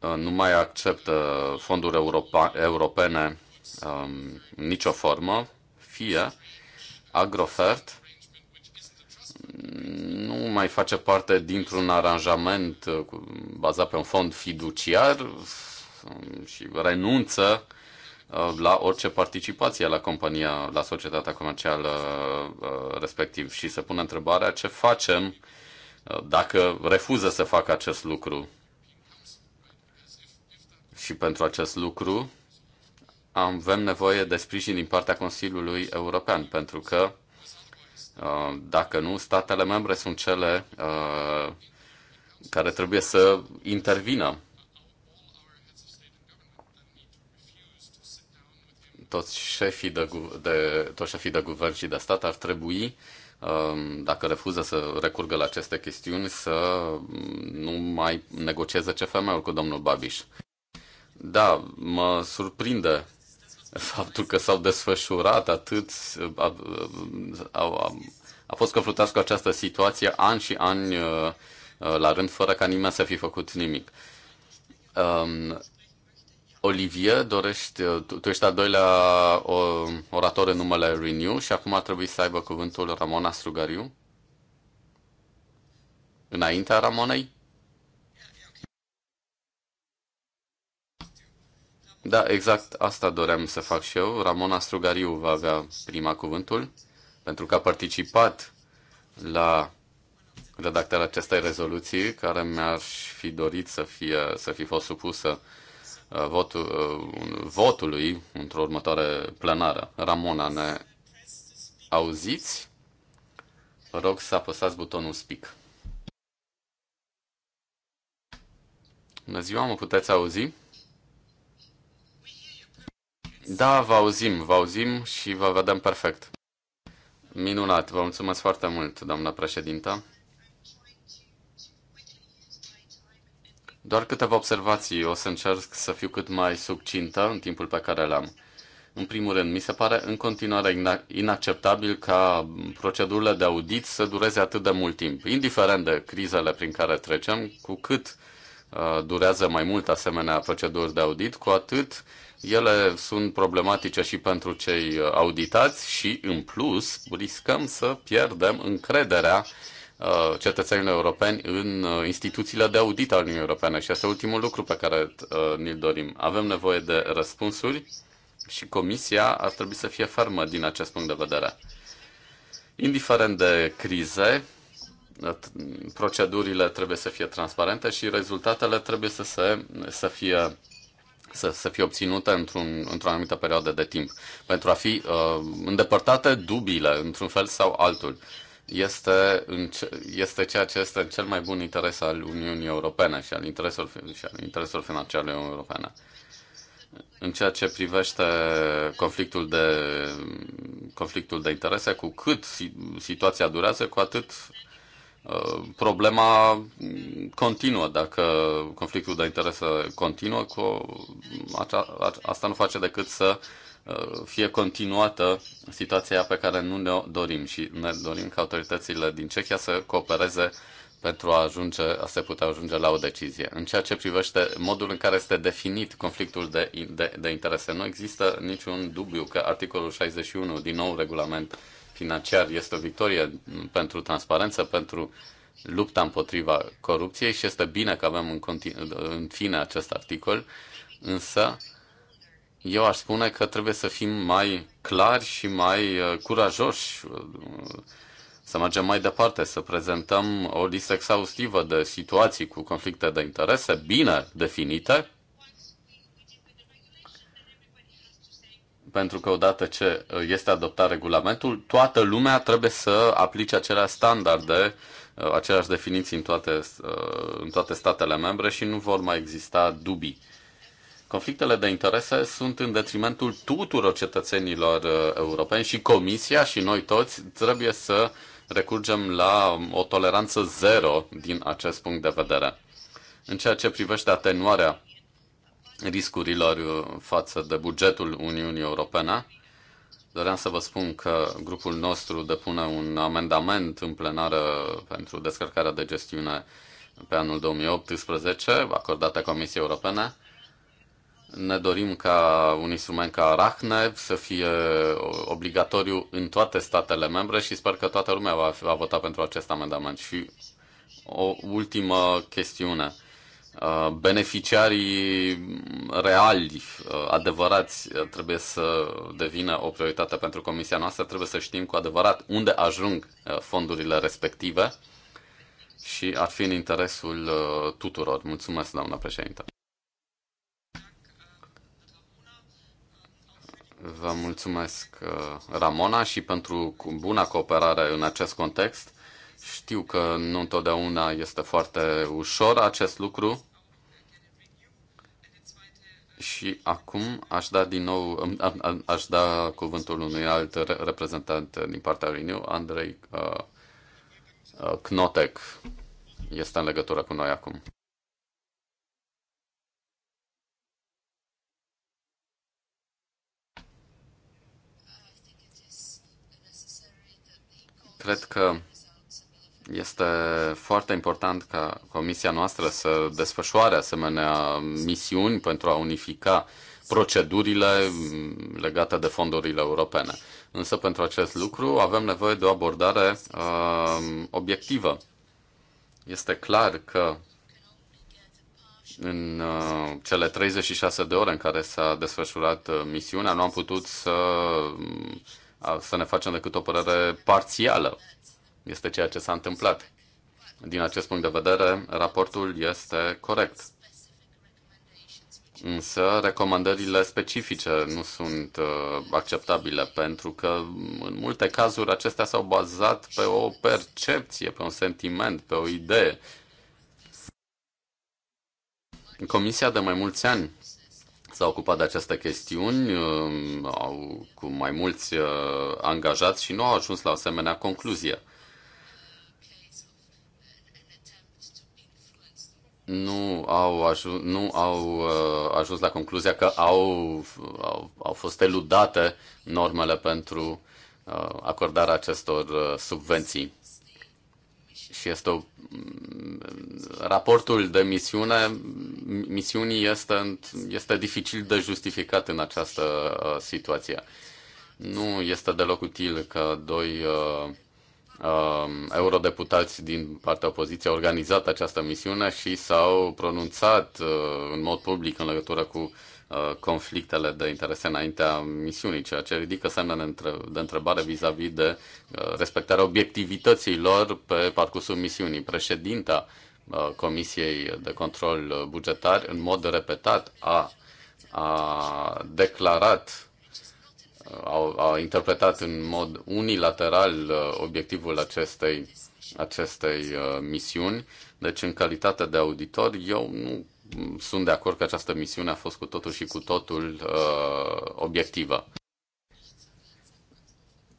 Uh, nu mai acceptă fonduri europa, europene um, nicio formă, fie Agrofert nu mai face parte dintr-un aranjament uh, bazat pe un fond fiduciar um, și renunță uh, la orice participație la compania, la societatea comercială respectiv și se pune întrebarea ce facem dacă refuză să facă acest lucru și pentru acest lucru avem nevoie de sprijin din partea Consiliului European, pentru că uh, dacă nu, statele membre sunt cele uh, care trebuie să intervină. Toți șefii de, de, toți șefii de guvern și de stat ar trebui, um, dacă refuză să recurgă la aceste chestiuni, să um, nu mai negocieze CFM-ul cu domnul Babiș. Da, mă surprinde faptul că s-au desfășurat atât, a, a, a fost confruntați cu această situație ani și ani uh, uh, la rând, fără ca nimeni să fi făcut nimic. Um, Olivier, dorești, uh, tu, tu ești al doilea orator în numele Renew și acum ar trebui să aibă cuvântul Ramona Strugariu. Înaintea Ramonei? Da, exact asta doream să fac și eu. Ramona Strugariu va avea prima cuvântul, pentru că a participat la redactarea acestei rezoluții, care mi-ar fi dorit să, fie, să fi fost supusă uh, votul, uh, votului într-o următoare plenară. Ramona, ne auziți? Vă rog să apăsați butonul speak. Bună ziua, mă puteți auzi? Da, vă auzim, vă auzim și vă vedem perfect. Minunat, vă mulțumesc foarte mult, doamna președintă. Doar câteva observații, o să încerc să fiu cât mai subcintă în timpul pe care l-am. În primul rând, mi se pare în continuare inacceptabil ca procedurile de audit să dureze atât de mult timp, indiferent de crizele prin care trecem, cu cât uh, durează mai mult asemenea proceduri de audit, cu atât uh, ele sunt problematice și pentru cei uh, auditați și, în plus, riscăm să pierdem încrederea uh, cetățenilor europeni în uh, instituțiile de audit al Uniunii Europene și este ultimul lucru pe care ni-l dorim. Avem nevoie de răspunsuri și Comisia ar trebui să fie fermă din acest punct de vedere. Indiferent de crize, procedurile trebuie să fie transparente și rezultatele trebuie să, se, să fie să, să fie obținută într-un, într-o anumită perioadă de timp, pentru a fi uh, îndepărtate dubiile, într-un fel sau altul. Este, în ce, este ceea ce este în cel mai bun interes al Uniunii Europene și al intereselor, și al intereselor Uniunii europene. În ceea ce privește conflictul de, conflictul de interese, cu cât situația durează, cu atât Uh, problema mm, continuă. Dacă conflictul de interese continuă, cu mm, acea, asta nu face decât să uh, fie continuată situația pe care nu ne dorim și ne dorim ca autoritățile din Cehia să coopereze pentru a, ajunge, a se putea ajunge la o decizie. În ceea ce privește modul în care este definit conflictul de, de, de interese, nu există niciun dubiu că articolul 61 din nou regulament financiar este o victorie pentru transparență, pentru lupta împotriva corupției și este bine că avem în, în fine acest articol, însă eu aș spune că trebuie să fim mai clari și mai uh, curajoși, uh, să mergem mai departe, să prezentăm o listă exhaustivă de situații cu conflicte de interese bine definite, pentru că odată ce uh, este adoptat regulamentul, toată lumea trebuie să aplice aceleași standarde, uh, aceleași definiții în toate, uh, în toate statele membre și nu vor mai exista dubii. Conflictele de interese sunt în detrimentul tuturor cetățenilor europeni și Comisia și noi toți trebuie să recurgem la o toleranță zero din acest punct de vedere. În ceea ce privește atenuarea riscurilor uh, față de bugetul Uniunii Europene. Doream să vă spun că grupul nostru depune un amendament în plenară pentru descărcarea de gestiune pe anul 2018, acordată Comisiei Europene. Ne dorim ca un instrument ca Arachne să fie uh, obligatoriu în toate statele membre și sper că toată lumea va, va vota pentru acest amendament. Și o ultimă chestiune Uh, beneficiarii reali, uh, adevărați, uh, trebuie să devină o prioritate pentru comisia noastră. Trebuie să știm cu adevărat unde ajung fondurile respective și ar fi în interesul tuturor. Mulțumesc, doamna președintă. Vă mulțumesc, Ramona, și pentru buna cooperare în acest context. Știu că nu întotdeauna este foarte ușor acest lucru. Și acum aș da din nou, aș da cuvântul unui alt reprezentant din partea Renew, Andrei uh, uh, Knotek. Este în legătură cu noi acum. Cred că este foarte important ca comisia noastră să desfășoare asemenea misiuni pentru a unifica procedurile legate de fondurile europene. Însă pentru acest lucru avem nevoie de o abordare uh, obiectivă. Este clar că în uh, cele 36 de ore în care s-a desfășurat uh, misiunea, nu am putut să, uh, să ne facem decât o părere parțială este ceea ce s-a întâmplat. Din acest punct de vedere, raportul este corect. Însă, recomandările specifice nu sunt uh, acceptabile, pentru că, în multe cazuri, acestea s-au bazat pe o percepție, pe un sentiment, pe o idee. Comisia de mai mulți ani s-a ocupat de aceste chestiuni, uh, au, cu mai mulți uh, angajați și nu au ajuns la o asemenea concluzie. nu au, aju- nu au uh, ajuns la concluzia că au, au, au fost eludate normele pentru uh, acordarea acestor uh, subvenții. Și este o, mm, raportul de misiune, misiunii este, este dificil de justificat în această uh, situație. Nu este deloc util că doi uh, uh, eurodeputați din partea opoziției au organizat această misiune și s-au pronunțat uh, în mod public în legătură cu uh, conflictele de interese înaintea misiunii, ceea ce ridică semne de, întrebare vis-a-vis -vis de uh, respectarea obiectivității lor pe parcursul misiunii. Președinta uh, Comisiei de Control Bugetar, în mod repetat, a, a declarat au, au interpretat în mod unilateral uh, obiectivul acestei, acestei uh, misiuni. Deci, în calitate de auditor, eu nu sunt de acord că această misiune a fost cu totul și cu totul uh, obiectivă.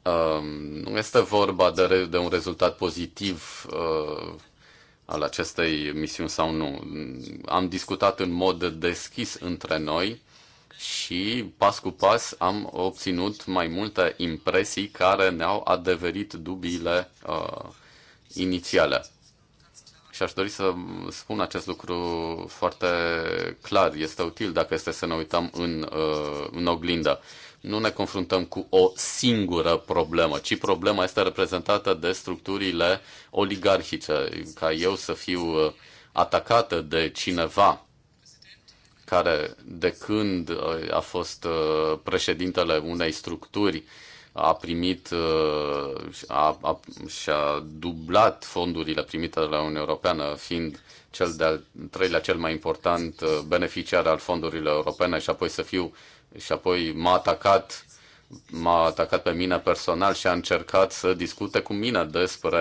Uh, nu este vorba de, re- de un rezultat pozitiv uh, al acestei misiuni sau nu. Am discutat în mod deschis între noi și pas cu pas am obținut mai multe impresii care ne-au adeverit dubiile uh, inițiale. Și aș dori să spun acest lucru foarte clar. Este util dacă este să ne uităm în, uh, în oglindă. Nu ne confruntăm cu o singură problemă, ci problema este reprezentată de structurile oligarhice. Ca eu să fiu uh, atacată de cineva care de când uh, a fost uh, președintele unei structuri a primit uh, a, a, și-a dublat fondurile primite de la Uniunea Europeană, fiind cel de-al treilea cel mai important beneficiar al fondurilor europene și apoi să fiu și apoi m-a atacat m-a atacat pe mine personal și a încercat să discute cu mine despre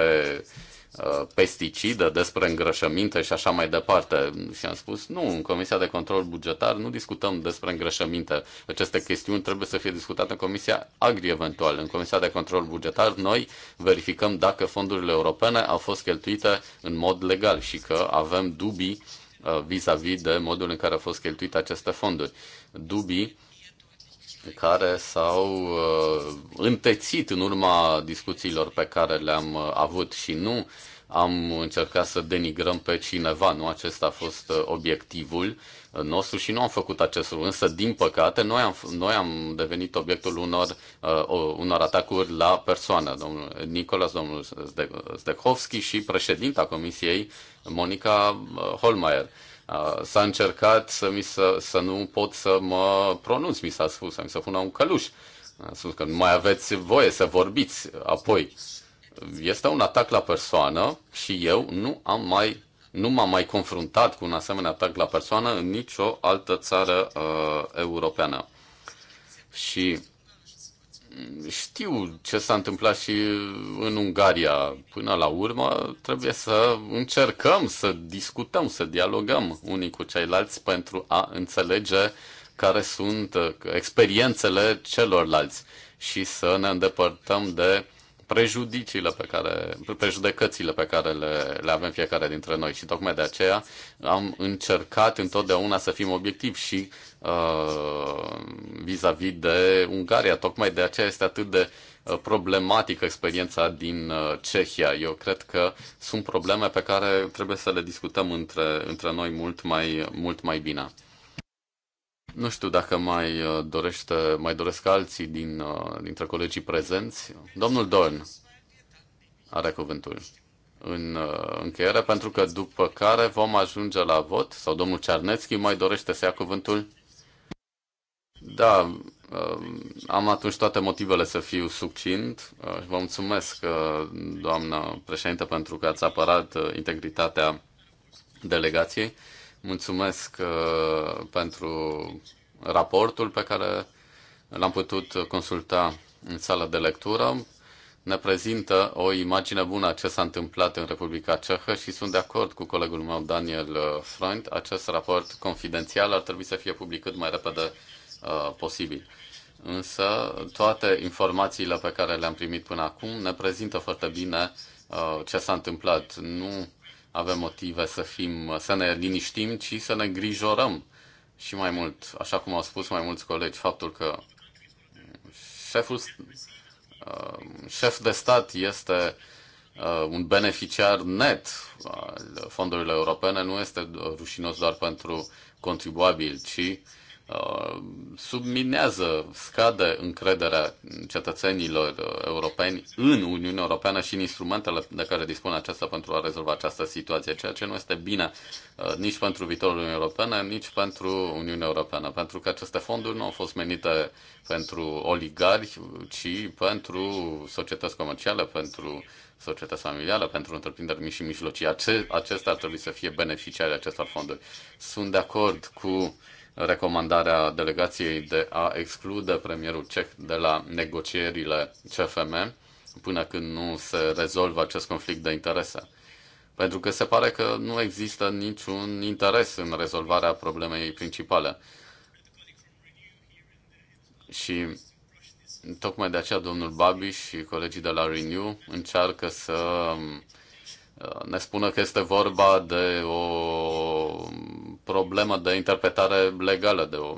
Uh, pesticidă, despre îngrășăminte și așa mai departe. Și am spus, nu, în Comisia de Control Bugetar nu discutăm despre îngrășăminte. Aceste chestiuni trebuie să fie discutate în Comisia Agri eventual. În Comisia de Control Bugetar noi verificăm dacă fondurile europene au fost cheltuite în mod legal și că avem dubii uh, vis-a-vis -vis de modul în care au fost cheltuite aceste fonduri. Dubii care s-au uh, întețit în urma discuțiilor pe care le-am uh, avut și nu am încercat să denigrăm pe cineva, nu acesta a fost uh, obiectivul uh, nostru și nu am făcut acest lucru, însă din păcate noi am, noi am devenit obiectul unor, uh, unor atacuri la persoană, domnul Nicolas, domnul Zdechovski și președinta comisiei Monica uh, Holmeier s-a încercat să, mi să, să nu pot să mă pronunț, mi s-a spus, să mi se pună un căluș. A spus că nu mai aveți voie să vorbiți apoi. Este un atac la persoană și eu nu am mai nu m-am mai confruntat cu un asemenea atac la persoană în nicio altă țară uh, europeană. Și știu ce s-a întâmplat și în Ungaria. Până la urmă, trebuie să încercăm să discutăm, să dialogăm unii cu ceilalți pentru a înțelege care sunt uh, experiențele celorlalți și să ne îndepărtăm de prejudiciile pe care, prejudecățile pe care le, le avem fiecare dintre noi și tocmai de aceea am încercat întotdeauna să fim obiectivi și uh, vis-a-vis uh, -vis de Ungaria. Tocmai de aceea este atât de uh, problematică experiența din uh, Cehia. Eu cred că sunt probleme pe care trebuie să le discutăm între, între noi mult mai, mult mai bine. Nu știu dacă mai uh, dorește, mai doresc alții din, uh, dintre colegii prezenți. Domnul Dorn are cuvântul în uh, încheiere, pentru că după care vom ajunge la vot, sau domnul Cernețchi mai dorește să ia cuvântul? Da, am atunci toate motivele să fiu succint. Vă mulțumesc, doamnă președinte, pentru că ați apărat integritatea delegației. Mulțumesc uh, pentru raportul pe care l-am putut consulta în sala de lectură. Ne prezintă o imagine bună a ce s-a întâmplat în Republica Cehă și sunt de acord cu colegul meu Daniel uh, Freund. Acest raport confidențial ar trebui să fie publicat mai repede uh, posibil. Însă toate informațiile pe care le-am primit până acum ne prezintă foarte bine uh, ce s-a întâmplat. Nu avem motive să, fim, să ne liniștim, ci să ne grijorăm. Și mai mult, așa cum au spus mai mulți colegi, faptul că șeful, uh, șef de stat este uh, un beneficiar net al fondurilor europene, nu este rușinos doar pentru contribuabil, ci subminează, scade încrederea cetățenilor uh, europeni în Uniunea Europeană și în instrumentele de care dispune aceasta pentru a rezolva această situație, ceea ce nu este bine uh, nici pentru viitorul Uniunii Europene, nici pentru Uniunea Europeană, pentru că aceste fonduri nu au fost menite pentru oligari, ci pentru societăți comerciale, pentru societăți familiale, pentru întreprinderi mici și mijlocii. Acestea ar trebui să fie beneficiari acestor fonduri. Sunt de acord cu recomandarea delegației de a exclude premierul ceh de la negocierile CFM până când nu se rezolvă acest conflict de interese. Pentru că se pare că nu există niciun interes în rezolvarea problemei principale. Și tocmai de aceea domnul Babi și colegii de la Renew încearcă să uh, ne spună că este vorba de o problemă de interpretare legală, de o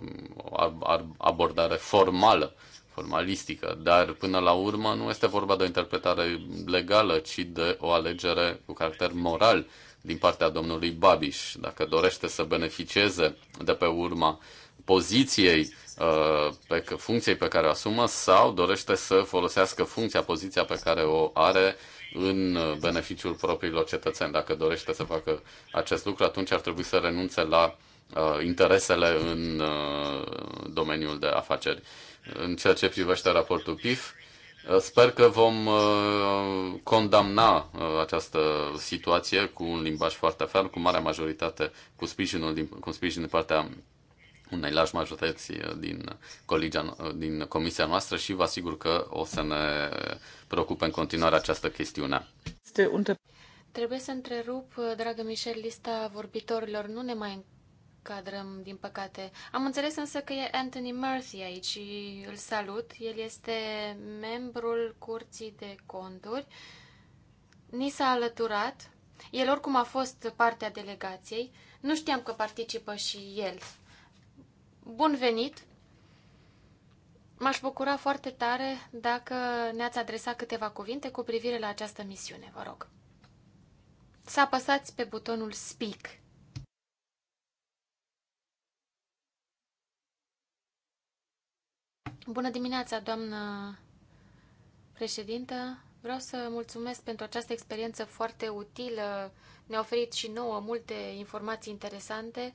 abordare formală, formalistică, dar până la urmă nu este vorba de o interpretare legală, ci de o alegere cu caracter moral din partea domnului Babiș. Dacă dorește să beneficieze de pe urma poziției, uh, pe funcției pe care o asumă sau dorește să folosească funcția, poziția pe care o are în beneficiul propriilor cetățeni. Dacă dorește să facă acest lucru, atunci ar trebui să renunțe la uh, interesele în uh, domeniul de afaceri. În ceea ce privește raportul PIF, uh, Sper că vom uh, condamna uh, această situație cu un limbaj foarte ferm, cu marea majoritate, cu sprijinul din, cu sprijin din partea un elaj majorității uh, din, uh, colegia, uh, din comisia noastră și vă asigur că o să ne preocupe în continuare această chestiune. Trebuie să întrerup, dragă Michel, lista vorbitorilor. Nu ne mai încadrăm, din păcate. Am înțeles însă că e Anthony Murphy aici și îl salut. El este membrul Curții de Conturi. Ni s-a alăturat. El oricum a fost partea delegației. Nu știam că participă și el bun venit! M-aș bucura foarte tare dacă ne-ați adresat câteva cuvinte cu privire la această misiune, vă rog. Să apăsați pe butonul Speak. Bună dimineața, doamnă președintă! Vreau să mulțumesc pentru această experiență foarte utilă. Ne-a oferit și nouă multe informații interesante.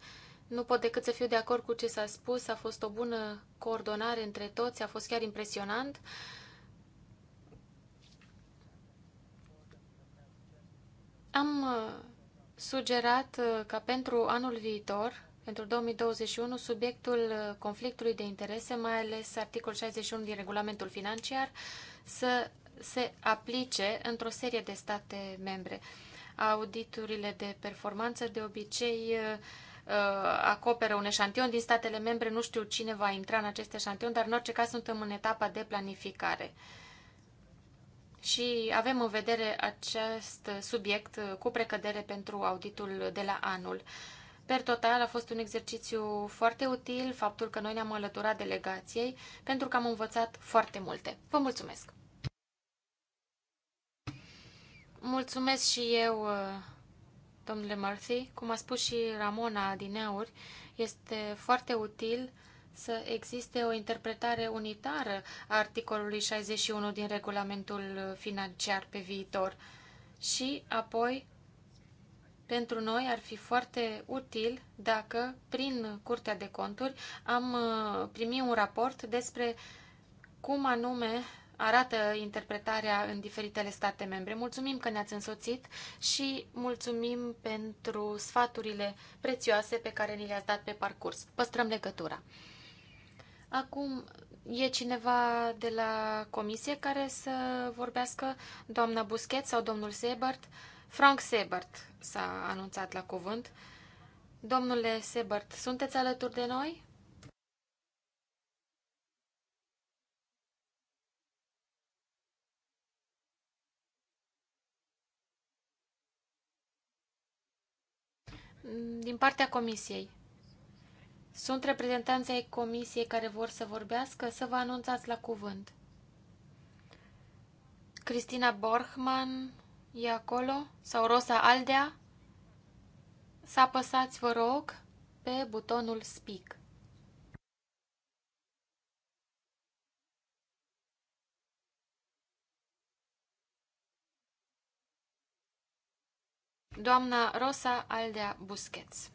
Nu pot decât să fiu de acord cu ce s-a spus. A fost o bună coordonare între toți, a fost chiar impresionant. Am uh, sugerat uh, ca pentru anul viitor, pentru 2021, subiectul uh, conflictului de interese, mai ales articolul 61 din regulamentul financiar, să se aplice într-o serie de state membre. Auditurile de performanță de obicei uh, Uh, acopere un eșantion din statele membre. Nu știu cine va intra în acest eșantion, dar în orice caz suntem în etapa de planificare. Și avem în vedere acest subiect uh, cu precădere pentru auditul de la anul. Per total a fost un exercițiu foarte util faptul că noi ne-am alăturat delegației pentru că am învățat foarte multe. Vă mulțumesc! Mulțumesc și eu uh, domnule Murphy. Cum a spus și Ramona din Aur, este foarte util să existe o interpretare unitară a articolului 61 din regulamentul financiar pe viitor. Și apoi, pentru noi ar fi foarte util dacă, prin Curtea de Conturi, am uh, primit un raport despre cum anume arată interpretarea în diferitele state membre. Mulțumim că ne-ați însoțit și mulțumim pentru sfaturile prețioase pe care ni le-ați dat pe parcurs. Păstrăm legătura. Acum e cineva de la comisie care să vorbească? Doamna Buschet sau domnul Sebert? Frank Sebert s-a anunțat la cuvânt. Domnule Sebert, sunteți alături de noi? din partea comisiei. Sunt reprezentanții ai comisiei care vor să vorbească, să vă anunțați la cuvânt. Cristina Borchman e acolo? Sau Rosa Aldea? Să apăsați, vă rog, pe butonul Speak. doamna Rosa Aldea Busquets.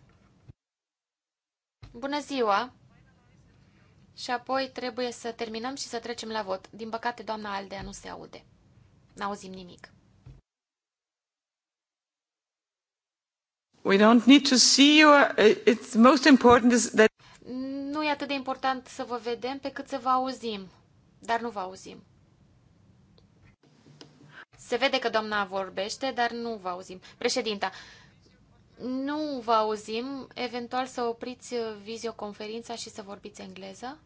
Bună ziua! Și apoi trebuie să terminăm și să trecem la vot. Din păcate, doamna Aldea nu se aude. N-auzim nimic. We don't need to see you. It's most important is that... Nu e atât de important să vă vedem pe cât să vă auzim. Dar nu vă auzim. Se vede că doamna vorbește, dar nu vă auzim. Președinta, nu vă auzim. Eventual să opriți vizioconferința și să vorbiți engleză?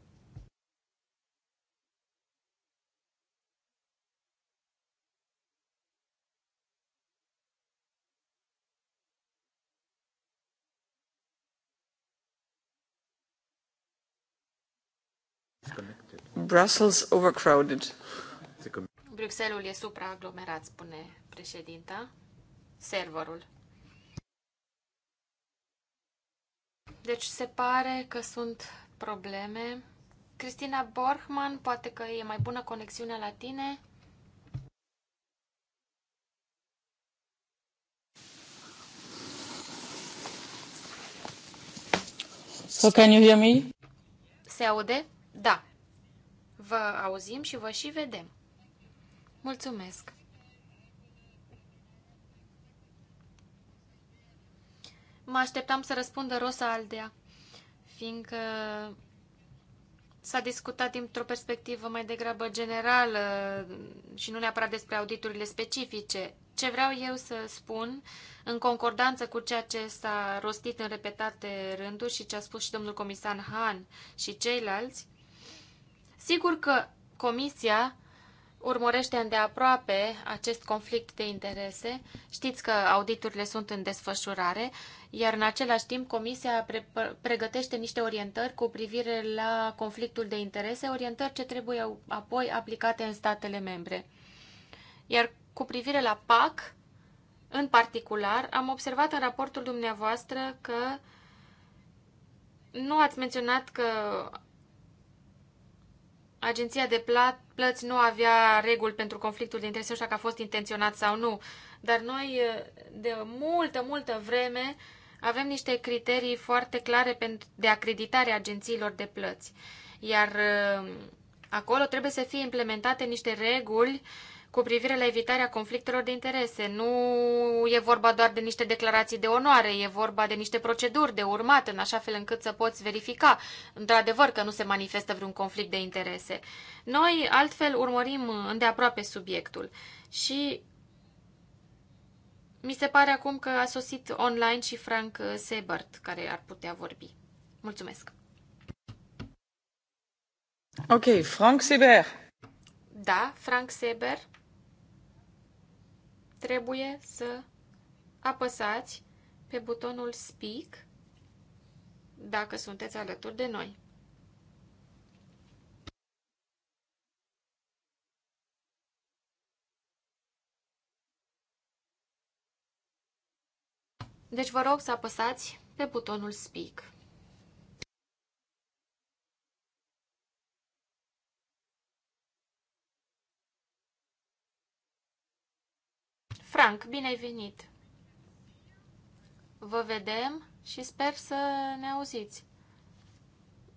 Brussels overcrowded. Bruxelles e supraaglomerat, spune președinta. Serverul. Deci se pare că sunt probleme. Cristina Borchman, poate că e mai bună conexiunea la tine. So can you hear me? Se aude? Da. Vă auzim și vă și vedem. Mulțumesc! Mă așteptam să răspundă Rosa Aldea, fiindcă s-a discutat dintr-o perspectivă mai degrabă generală și nu neapărat despre auditurile specifice. Ce vreau eu să spun, în concordanță cu ceea ce s-a rostit în repetate rânduri și ce a spus și domnul comisar Han și ceilalți, sigur că comisia urmărește îndeaproape acest conflict de interese. Știți că auditurile sunt în desfășurare, iar în același timp Comisia pre pregătește niște orientări cu privire la conflictul de interese, orientări ce trebuie apoi aplicate în statele membre. Iar cu privire la PAC, în particular, am observat în raportul dumneavoastră că nu ați menționat că agenția de, plat, plăți nu avea reguli pentru conflictul de interese, nu știu dacă a fost intenționat sau nu, dar noi de multă, multă vreme avem niște criterii foarte clare de acreditare a agențiilor de plăți. Iar uh, acolo trebuie să fie implementate niște reguli uh, cu privire la evitarea conflictelor de interese. Nu e vorba doar de niște declarații de onoare, e vorba de niște proceduri de urmat, în așa fel încât să poți verifica, într-adevăr, că nu se manifestă vreun conflict de interese. Noi, altfel, urmărim îndeaproape subiectul și mi se pare acum că a sosit online și Frank Sebert, care ar putea vorbi. Mulțumesc! Ok, Frank Sebert. Da, Frank Sebert trebuie să apăsați pe butonul Speak dacă sunteți alături de noi. Deci vă rog să apăsați pe butonul Speak. Frank, bine ai venit! Vă vedem și sper să ne auziți.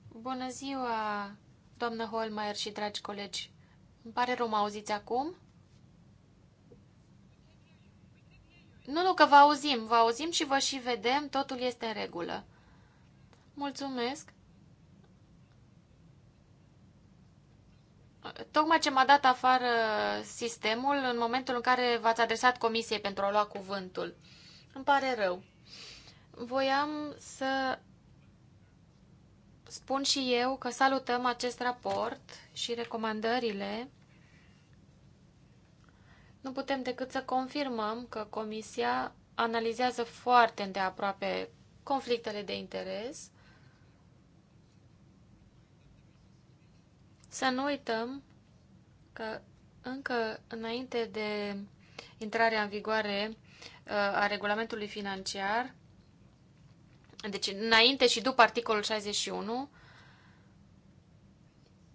Bună ziua, doamnă Holmeier și dragi colegi. Îmi pare rău, mă auziți acum? Nu, nu, că vă auzim, vă auzim și vă și vedem, totul este în regulă. Mulțumesc. Tocmai ce m-a dat afară sistemul în momentul în care v-ați adresat comisiei pentru a lua cuvântul. Îmi pare rău. Voiam să spun și eu că salutăm acest raport și recomandările. Nu putem decât să confirmăm că Comisia analizează foarte îndeaproape conflictele de interes Să nu uităm că încă înainte de intrarea în vigoare uh, a regulamentului financiar, deci înainte și după articolul 61,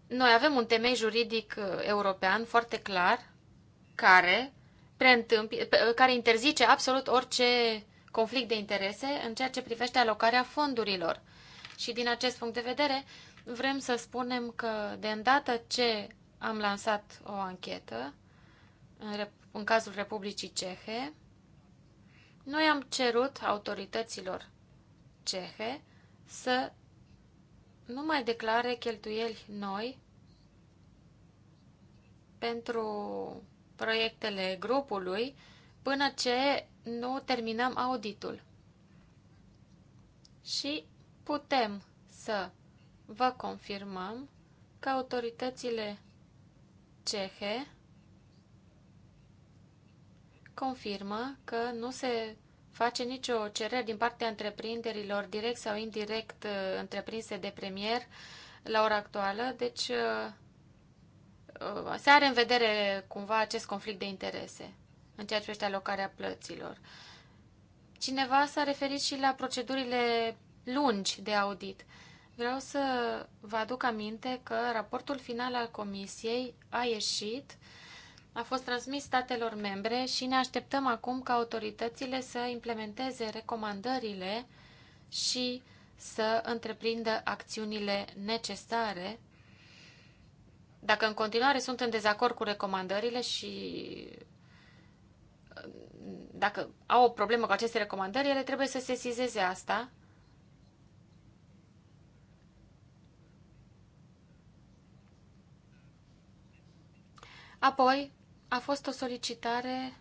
noi avem un temei juridic uh, european foarte clar care, uh, care interzice absolut orice conflict de interese în ceea ce privește alocarea fondurilor. Și din acest punct de vedere, vrem să spunem că de îndată ce am lansat o anchetă, în, în cazul Republicii Cehe, noi am cerut autorităților cehe să nu mai declare cheltuieli noi pentru proiectele grupului până ce nu terminăm auditul. Și putem să vă confirmăm că autoritățile cehe confirmă că nu se face nicio cerere din partea întreprinderilor direct sau indirect uh, întreprinse de premier la ora actuală, deci uh, uh, se are în vedere cumva acest conflict de interese în ceea ce privește alocarea plăților. Cineva s-a referit și la procedurile lungi de audit. Vreau să vă aduc aminte că raportul final al Comisiei a ieșit, a fost transmis statelor membre și ne așteptăm acum ca autoritățile să implementeze recomandările și să întreprindă acțiunile necesare. Dacă în continuare sunt în dezacord cu recomandările și dacă au o problemă cu aceste recomandări, ele trebuie să sesizeze asta Apoi a fost o solicitare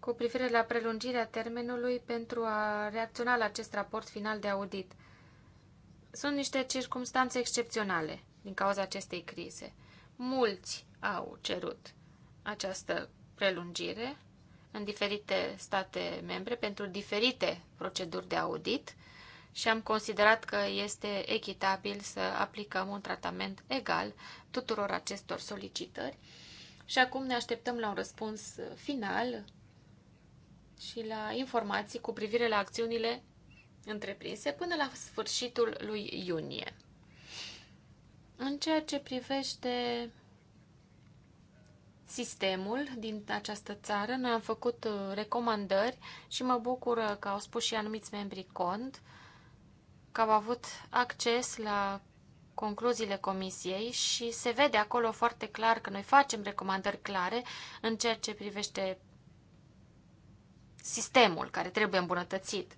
cu privire la prelungirea termenului pentru a reacționa la acest raport final de audit. Sunt niște circumstanțe excepționale din cauza acestei crize. Mulți au cerut această prelungire în diferite state membre pentru diferite proceduri de audit și am considerat că este echitabil să aplicăm un tratament egal tuturor acestor solicitări. Și acum ne așteptăm la un răspuns final și la informații cu privire la acțiunile întreprinse până la sfârșitul lui iunie. În ceea ce privește sistemul din această țară, noi am făcut uh, recomandări și mă bucur uh, că au spus și anumiți membri cont că au avut acces la concluziile comisiei și se vede acolo foarte clar că noi facem recomandări clare în ceea ce privește sistemul care trebuie îmbunătățit.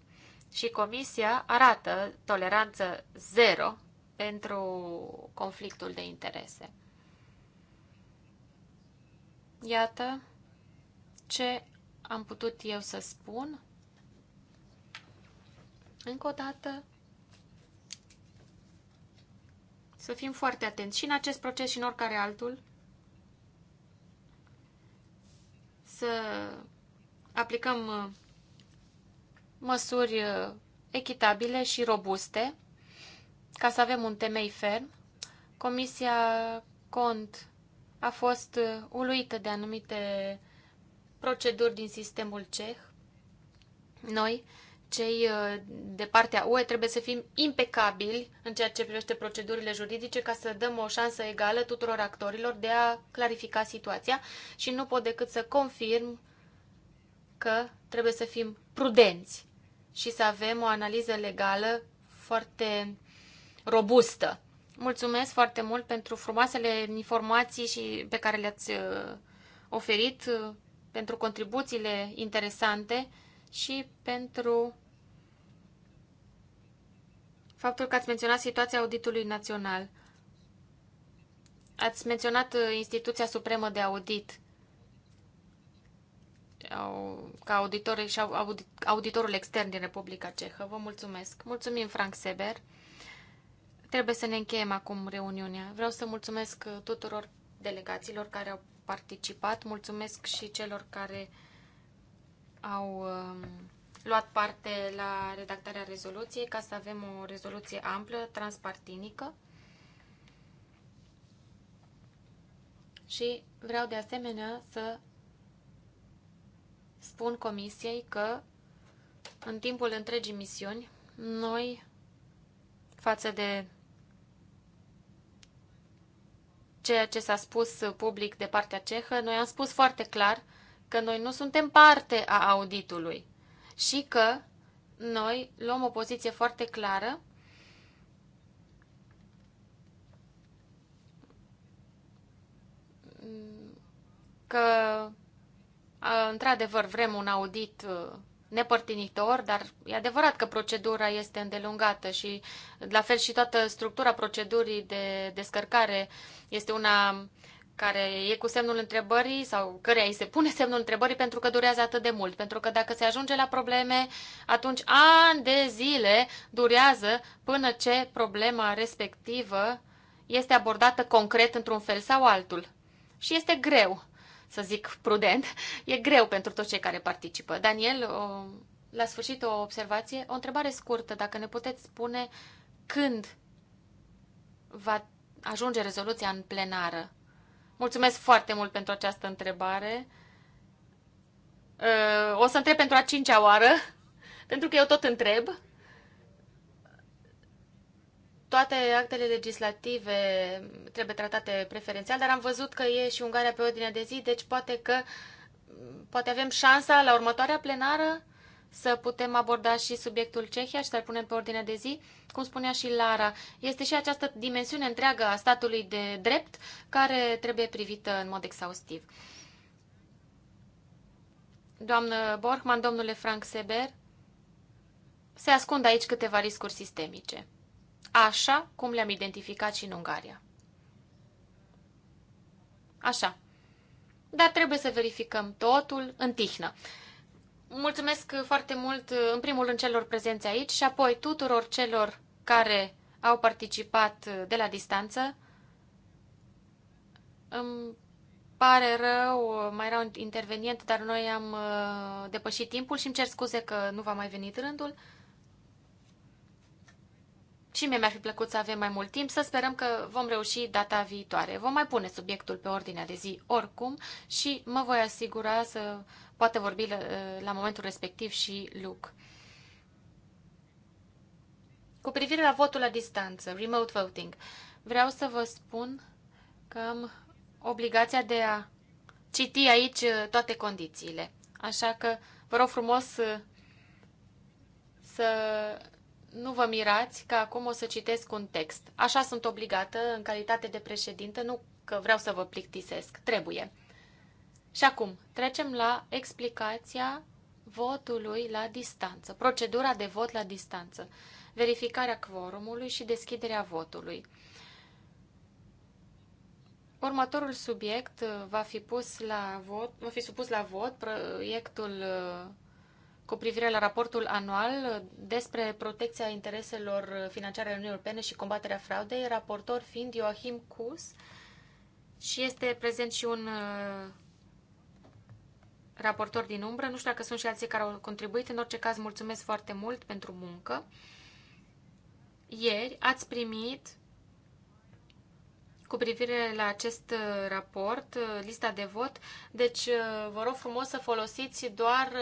Și comisia arată toleranță zero pentru conflictul de interese. Iată ce am putut eu să spun. Încă o dată, să fim foarte atenți și în acest proces și în oricare altul, să aplicăm uh, măsuri uh, echitabile și robuste ca să avem un temei ferm. Comisia Cont a fost uh, uluită de anumite proceduri din sistemul ceh. Noi cei uh, de partea UE trebuie să fim impecabili în ceea ce privește procedurile juridice ca să dăm o șansă egală tuturor actorilor de a clarifica situația și nu pot decât să confirm că trebuie să fim prudenți și să avem o analiză legală foarte robustă. Mulțumesc foarte mult pentru frumoasele informații și pe care le-ați uh, oferit, uh, pentru contribuțiile interesante și pentru faptul că ați menționat situația auditului național. Ați menționat uh, instituția supremă de audit ca auditor și auditorul extern din Republica Cehă. Vă mulțumesc. Mulțumim, Frank Seber. Trebuie să ne încheiem acum reuniunea. Vreau să mulțumesc uh, tuturor delegațiilor care au participat, mulțumesc și celor care au um, luat parte la redactarea rezoluției ca să avem o rezoluție amplă, transpartinică. Și vreau de asemenea să spun comisiei că în timpul întregii misiuni, noi, față de ceea ce s-a spus public de partea cehă, noi am spus foarte clar că noi nu suntem parte a auditului și că noi luăm o poziție foarte clară că, într-adevăr, vrem un audit uh, nepărtinitor, dar e adevărat că procedura este îndelungată și la fel și toată structura procedurii de descărcare este una care e cu semnul întrebării sau căreia îi se pune semnul întrebării pentru că durează atât de mult. Pentru că dacă se ajunge la probleme, atunci ani de zile durează până ce problema respectivă este abordată concret într-un fel sau altul. Și este greu, să zic prudent, e greu pentru toți cei care participă. Daniel, o, la sfârșit o observație, o întrebare scurtă, dacă ne puteți spune când va ajunge rezoluția în plenară Mulțumesc foarte mult pentru această întrebare. Uh, o să întreb pentru a cincea oară, pentru că eu tot întreb. Toate actele legislative trebuie tratate preferențial, dar am văzut că e și Ungaria pe ordinea de zi, deci poate că poate avem șansa la următoarea plenară să putem aborda și subiectul Cehia și să-l punem pe ordine de zi. Cum spunea și Lara, este și această dimensiune întreagă a statului de drept care trebuie privită în mod exhaustiv. Doamnă Borchman, domnule Frank Seber, se ascund aici câteva riscuri sistemice, așa cum le-am identificat și în Ungaria. Așa. Dar trebuie să verificăm totul în tihnă. Mulțumesc foarte mult, în primul rând, celor prezenți aici și apoi tuturor celor care au participat de la distanță. Îmi pare rău, mai era un intervenient, dar noi am uh, depășit timpul și îmi cer scuze că nu va mai venit rândul. Și mie mi-ar fi plăcut să avem mai mult timp, să sperăm că vom reuși data viitoare. Vom mai pune subiectul pe ordinea de zi oricum și mă voi asigura să poate vorbi la, uh, la momentul respectiv și Luc. Cu privire la votul la distanță, remote voting, vreau să vă spun că am obligația de a citi aici uh, toate condițiile. Așa că vă rog frumos uh, să nu vă mirați că acum o să citesc un text. Așa sunt obligată în calitate de președintă, nu că vreau să vă plictisesc, trebuie. Și acum trecem la explicația votului la distanță, procedura de vot la distanță, verificarea quorumului și deschiderea votului. Următorul subiect uh, va fi, pus la vot, va fi supus la vot proiectul uh, cu privire la raportul anual uh, despre protecția intereselor financiare ale Uniunii Europene și combaterea fraudei, raportor fiind Joachim Cus și este prezent și un raportori din umbră. Nu știu dacă sunt și alții care au contribuit. În orice caz, mulțumesc foarte mult pentru muncă. Ieri ați primit cu privire la acest uh, raport, uh, lista de vot. Deci, uh, vă rog frumos să folosiți doar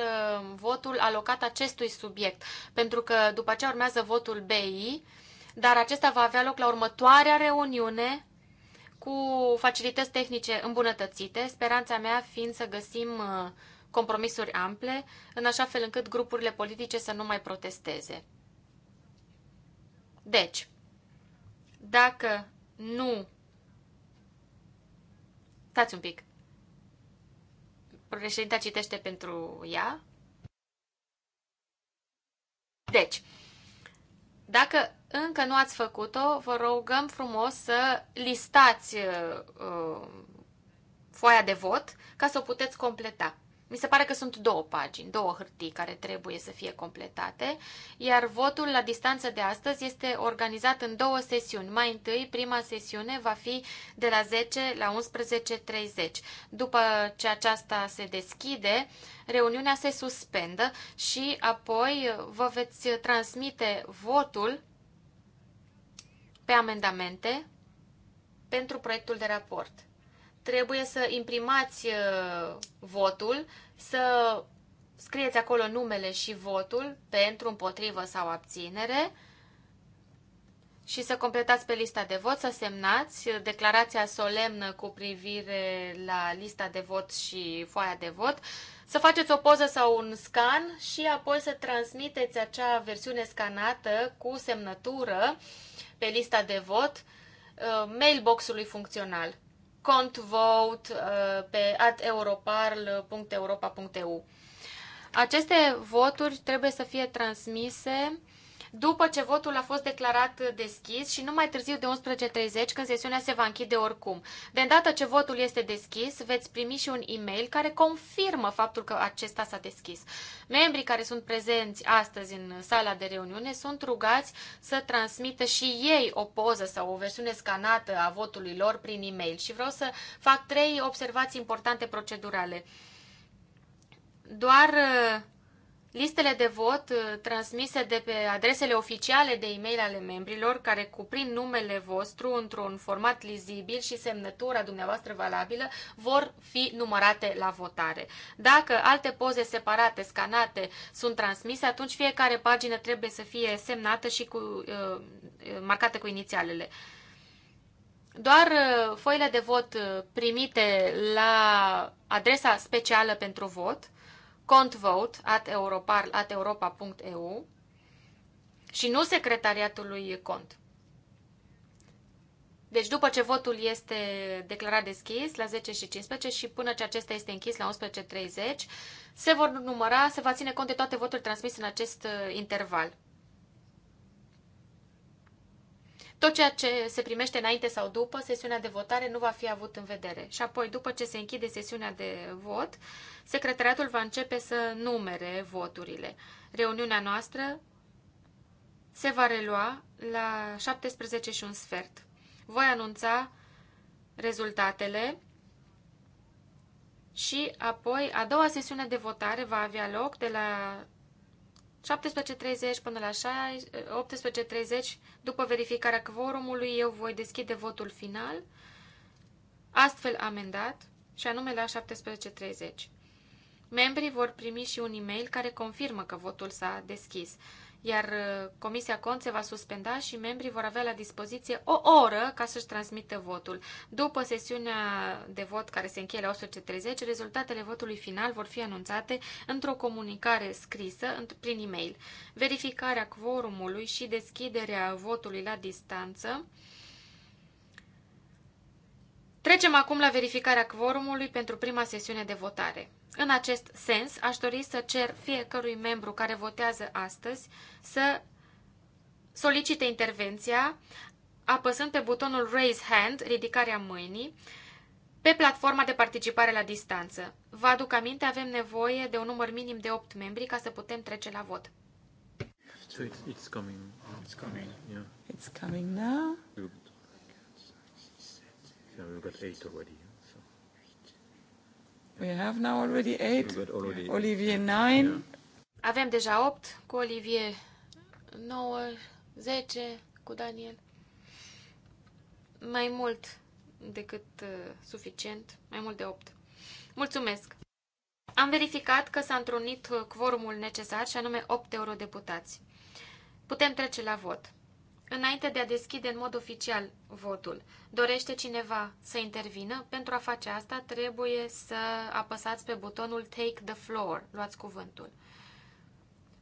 votul alocat acestui subiect, pentru că după aceea urmează votul BI, dar acesta va avea loc la următoarea reuniune cu facilități tehnice îmbunătățite, speranța mea fiind să găsim uh, compromisuri ample, în așa fel încât grupurile politice să nu mai protesteze. Deci, dacă nu... Stați un pic. Președinta citește pentru ea. Deci, dacă încă nu ați făcut-o, vă rugăm frumos să listați uh, foaia de vot ca să o puteți completa. Mi se pare că sunt două pagini, două hârtii care trebuie să fie completate, iar votul la distanță de astăzi este organizat în două sesiuni. Mai întâi, prima sesiune va fi de la 10 la 11.30. După ce aceasta se deschide, reuniunea se suspendă și apoi vă veți transmite votul pe amendamente pentru proiectul de raport. Trebuie să imprimați uh, votul, să scrieți acolo numele și votul pentru, împotrivă sau abținere și să completați pe lista de vot, să semnați uh, declarația solemnă cu privire la lista de vot și foaia de vot, să faceți o poză sau un scan și apoi să transmiteți acea versiune scanată cu semnătură pe lista de vot uh, mailbox-ului funcțional contvote uh, pe at europarl.europa.eu. Aceste voturi trebuie să fie transmise după ce votul a fost declarat deschis și nu mai târziu de 11.30, când sesiunea se va închide oricum. De îndată ce votul este deschis, veți primi și un e-mail care confirmă faptul că acesta s-a deschis. Membrii care sunt prezenți astăzi în sala de reuniune sunt rugați să transmită și ei o poză sau o versiune scanată a votului lor prin e-mail. Și vreau să fac trei observații importante procedurale. Doar Listele de vot uh, transmise de pe adresele oficiale de e-mail ale membrilor, care cuprind numele vostru într-un format lizibil și semnătura dumneavoastră valabilă, vor fi numărate la votare. Dacă alte poze separate, scanate, sunt transmise, atunci fiecare pagină trebuie să fie semnată și cu, uh, uh, marcată cu inițialele. Doar foile de vot primite la adresa specială pentru vot, contvote at, at europa.eu și nu secretariatului cont. Deci după ce votul este declarat deschis la 10 și 15 și până ce acesta este închis la 11.30, se vor număra, se va ține cont de toate voturile transmise în acest uh, interval. Tot ceea ce se primește înainte sau după sesiunea de votare nu va fi avut în vedere. Și apoi, după ce se închide sesiunea de vot, secretariatul va începe să numere voturile. Reuniunea noastră se va relua la 17 și un sfert. Voi anunța rezultatele și apoi a doua sesiune de votare va avea loc de la 17.30 până la 18.30, după verificarea quorumului, eu voi deschide votul final, astfel amendat, și anume la 17.30. Membrii vor primi și un e-mail care confirmă că votul s-a deschis iar uh, Comisia Cont se va suspenda și membrii vor avea la dispoziție o oră ca să-și transmită votul. După sesiunea de vot care se încheie la 8.30, rezultatele votului final vor fi anunțate într-o comunicare scrisă prin e-mail. Verificarea quorumului și deschiderea votului la distanță Trecem acum la verificarea quorumului pentru prima sesiune de votare. În acest sens, aș dori să cer fiecărui membru care votează astăzi să solicite intervenția apăsând pe butonul Raise Hand, ridicarea mâinii, pe platforma de participare la distanță. Vă aduc aminte, avem nevoie de un număr minim de 8 membri ca să putem trece la vot. So it's, it's coming. It's coming. Yeah. It's coming now. Yeah, we've got eight already. We have now already eight. Already Olivier nine. Yeah. Avem deja opt cu Olivier 9, 10 cu Daniel. Mai mult decât uh, suficient, mai mult de 8. Mulțumesc! Am verificat că s-a întrunit uh, quorumul necesar și anume 8 eurodeputați. Putem trece la vot înainte de a deschide în mod oficial votul. Dorește cineva să intervină? Pentru a face asta trebuie să apăsați pe butonul Take the Floor. Luați cuvântul.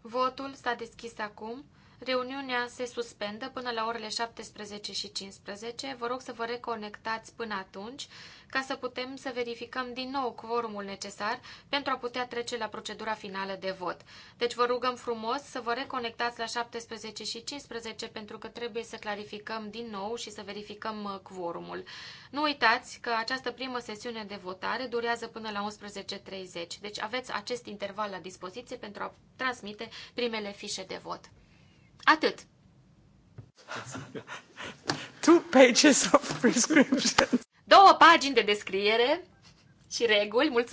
Votul s-a deschis acum. Reuniunea se suspendă până la orele 17 și 15. Vă rog să vă reconectați până atunci ca să putem să verificăm din nou quorumul necesar pentru a putea trece la procedura finală de vot. Deci vă rugăm frumos să vă reconectați la 17 și 15 pentru că trebuie să clarificăm din nou și să verificăm quorumul. Uh, nu uitați că această primă sesiune de votare durează până la 11.30, deci aveți acest interval la dispoziție pentru a transmite primele fișe de vot. Atât! Two pages of prescriptions. Două pagini de descriere și reguli. Mulțumesc